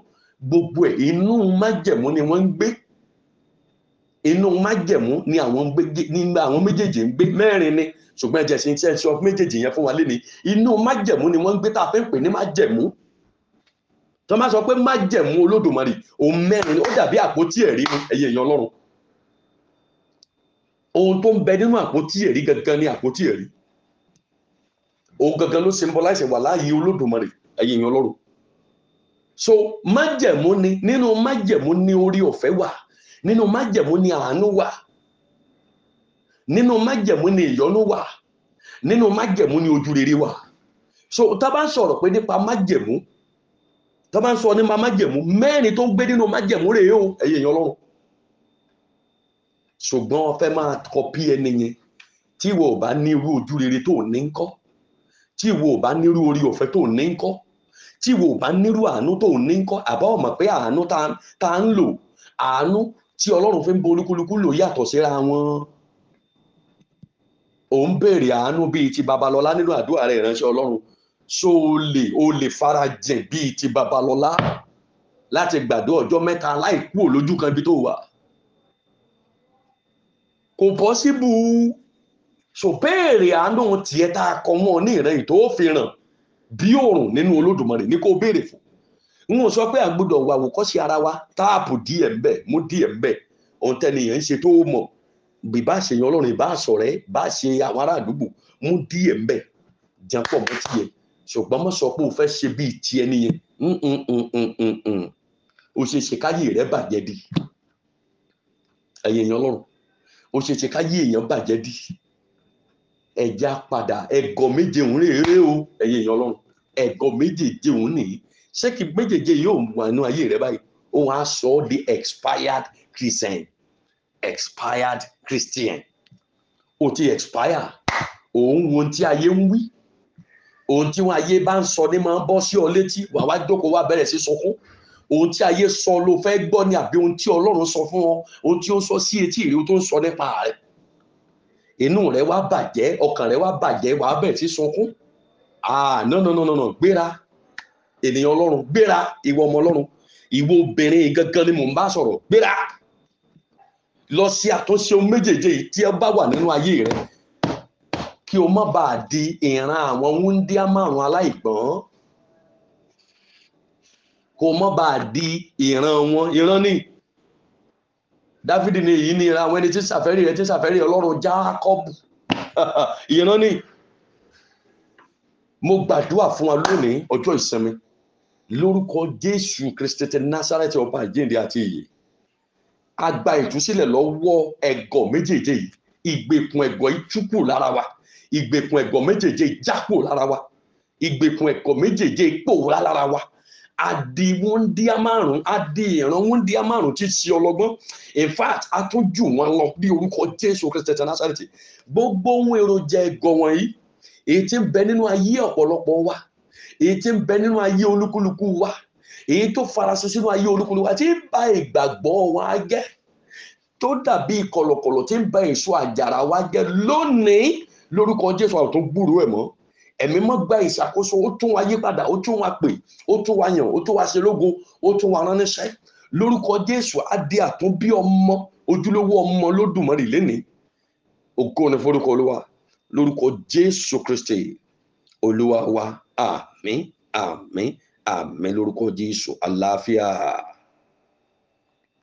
gbogbo ẹ̀ inú májẹ̀mú ni wọ́n ń gbé inú májẹ̀mú ni àwọn méjèèjì ń gbé mẹ́rin ni ṣùgbọ́n ẹ̀jẹ̀ sí ti ẹ̀ṣọ́ méjèèjì yẹn fún wa léni inú májẹ̀mú ni wọ́n ń gbé tá a fẹ́ ń pè ní májẹ̀mú tó máa sọ pé májẹ̀mú olódùmarè òun mẹ́rin ni ó dàbí àpótí ẹ̀rí mu ẹ̀yẹ èèyàn ọlọ́run ohun tó ń bẹ nínú àpótí ẹ̀rí gangan ni àpótí ẹ̀rí òun gangan ló symbolize wà láàyè olódùmarè ẹ̀yẹ èèyàn ọlọ́run so májẹ̀mú ni nínú májẹ̀mú ni orí ọ̀fẹ́ wà nínú májẹ̀mú ni àánú wà nínú májẹ̀mú ni ìyọ́nú wà nínú májẹ̀mú ni ojú rere wà so tá bá ń sọ̀rọ̀ pé nípa májẹ̀mú tá bá ń sọ nípa májẹ̀mú mẹ́rin tó ń gbé nínú májẹ̀mú rèé o ẹ̀yẹ̀ èèyàn ọlọ́run ṣùgbọ́n o fẹ́ máa kọpí ẹni yẹn tí ìwọ ò bá ní irú ojú rere tó ní ń kọ́ tí ìwọ ò bá ní irú orí ọ̀fẹ́ tó ní ń kọ́ tí ìwọ ò bá ní irú àánú tó ní ń kọ́ àbá ọ̀mọ̀ pé àánú tá ń lò àánú tí ọlọ́run fi ń bo olúkúlùkù lò yàtọ̀ síra wọn ò ń béèrè àánú bíi ti babalọ́lá nínú àdúrà rẹ̀ ìránṣẹ́ ọlọ́run so o lè o lè farajìn bíi ti babalọ́lá láti gbàdó ọjọ́ mẹ́ta láì kúrò lójú kan ibi tó wà kò pọ́síbù so béèrè àánú tiẹ̀ tá a kọ́ mọ́ ní ìrẹ́yìn tó fi ràn bí òòrùn nínú olódùmarè ní kó béèrè fún n ò sọ pé a gbọ́dọ̀ wà wò kọ́sí ara wa táàpù díẹ̀ ń bẹ mú díẹ̀ ń bẹ ohun tẹ́niyàn ń ṣe tó mọ̀ bí bá ṣe yan ọlọ́run bá ṣọ̀rẹ́ bá ṣe àwọn ará àdúgbò mú díẹ̀ ń bẹ jẹun pọ̀ mọ́ tiẹ̀ ṣùgbọ́n mo sọ pé o fẹ́ ṣe bíi tiẹ̀ nìyẹn o ṣe ṣe káyé rẹ bàjẹ́ di ẹ̀yìn èèyàn ọlọ́run o ṣe ṣe káyé èèyàn bàjẹ́ di ẹja padà ẹ̀gọ́ méje òun rèé o ẹ̀yìn èèyàn ọlọ́run ẹ̀gọ́ méje jẹun nìyí ṣé kí méjèèjì yóò wà nínú ayé rẹ báyìí òun á sọ ọ́ di expired christian expired christian o ti expire òun wo ohun tí ayé ń wí ohun tí wọn ayé bá ń sọ ní máa ń bọ́ sí ọ létí wà wá jókòó wá bẹ̀rẹ̀ sí sọkún ohun tí ayé sọ ló fẹ́ gbọ́ ni àbí ohun tí ọlọ́run sọ fún ọ ohun tí ó sọ sí etí ìrìn tó ń sọ nípa rẹ inú rẹ wá bàjẹ́ ọkàn rẹ wá bàjẹ́ wà á bẹ̀rẹ̀ sí sọkún ah no no no no no ènìyàn ọlọ́run gbéra ìwọ ọmọ ọlọ́run ìwọ obìnrin gangan ni mò ń bá sọ̀rọ̀ gbéra lọ sí àtúnṣe ohun méjèèjì tí ẹ bá wà nínú ayé rẹ kí o má bàa di ìran àwọn wúńdíá márùn aláìgbọ́n kó o má bàa di ìran wọn ìran ni dáfídì ni èyí ni ìran àwọn ẹni tí sàfẹ́rì rẹ tí sàfẹ́rì ọlọ́run jákọ́bù (laughs) ìran ni mo gbàdúrà fún wa lónìí ọjọ́ ìsinmi lórúkọ jésù kristẹtẹ násàrẹ́tì ọba àjíǹde àti ìyè a gba ìtúsílẹ̀ lọ́wọ́ ẹ̀gọ́ méjèèjì yìí ìgbèkùn ẹ̀gọ́ yìí tú kù lára wa ìgbèkùn ẹ̀gọ́ méjèèjì já kù lára wa ìgbèkùn ẹ̀gọ́ méjèèjì pòórá lára wa adi wúndíá márùn adi ìran wúndíá márùn ti ṣe ọlọ́gbọ́n in fact a tún jù wọn lọ bí orúkọ jésù kristẹtẹ násàrẹ́tì gbogbo ohun èròjà ẹ̀gọ́ wọ̀nyí èyí tí bẹ nínú ayé ọ̀pọ̀lọpọ̀ wa èyí tí ń bẹ nínú ayé olúkúlùkù wa èyí tó farasin sínú ayé olúkúlùkù wa tí ń ba ìgbàgbọ́ wa jẹ́ tó dàbí kọ̀lọ̀kọ̀lọ̀ tí ń ba èso àjàrà wa jẹ́ lónìí lórúkọ jésù àwọn tó gbúrú ẹ̀ mọ́ ẹ̀mí mọ́ gba ìṣàkóso ó tún wa yí padà ó tún wa pè ó tún wa yàn ó tún wa ṣe lógo ó tún wa ránníṣẹ́ lórúkọ jésù á di àtúnbí ọmọ ojúlówó ọmọ lódùmarè lénìí ògo ni forúkọ olúwa lórúkọ jésù kristi olúwa wa àmín àmín àmín àmín lórúkọ Jésù àlàáfíà.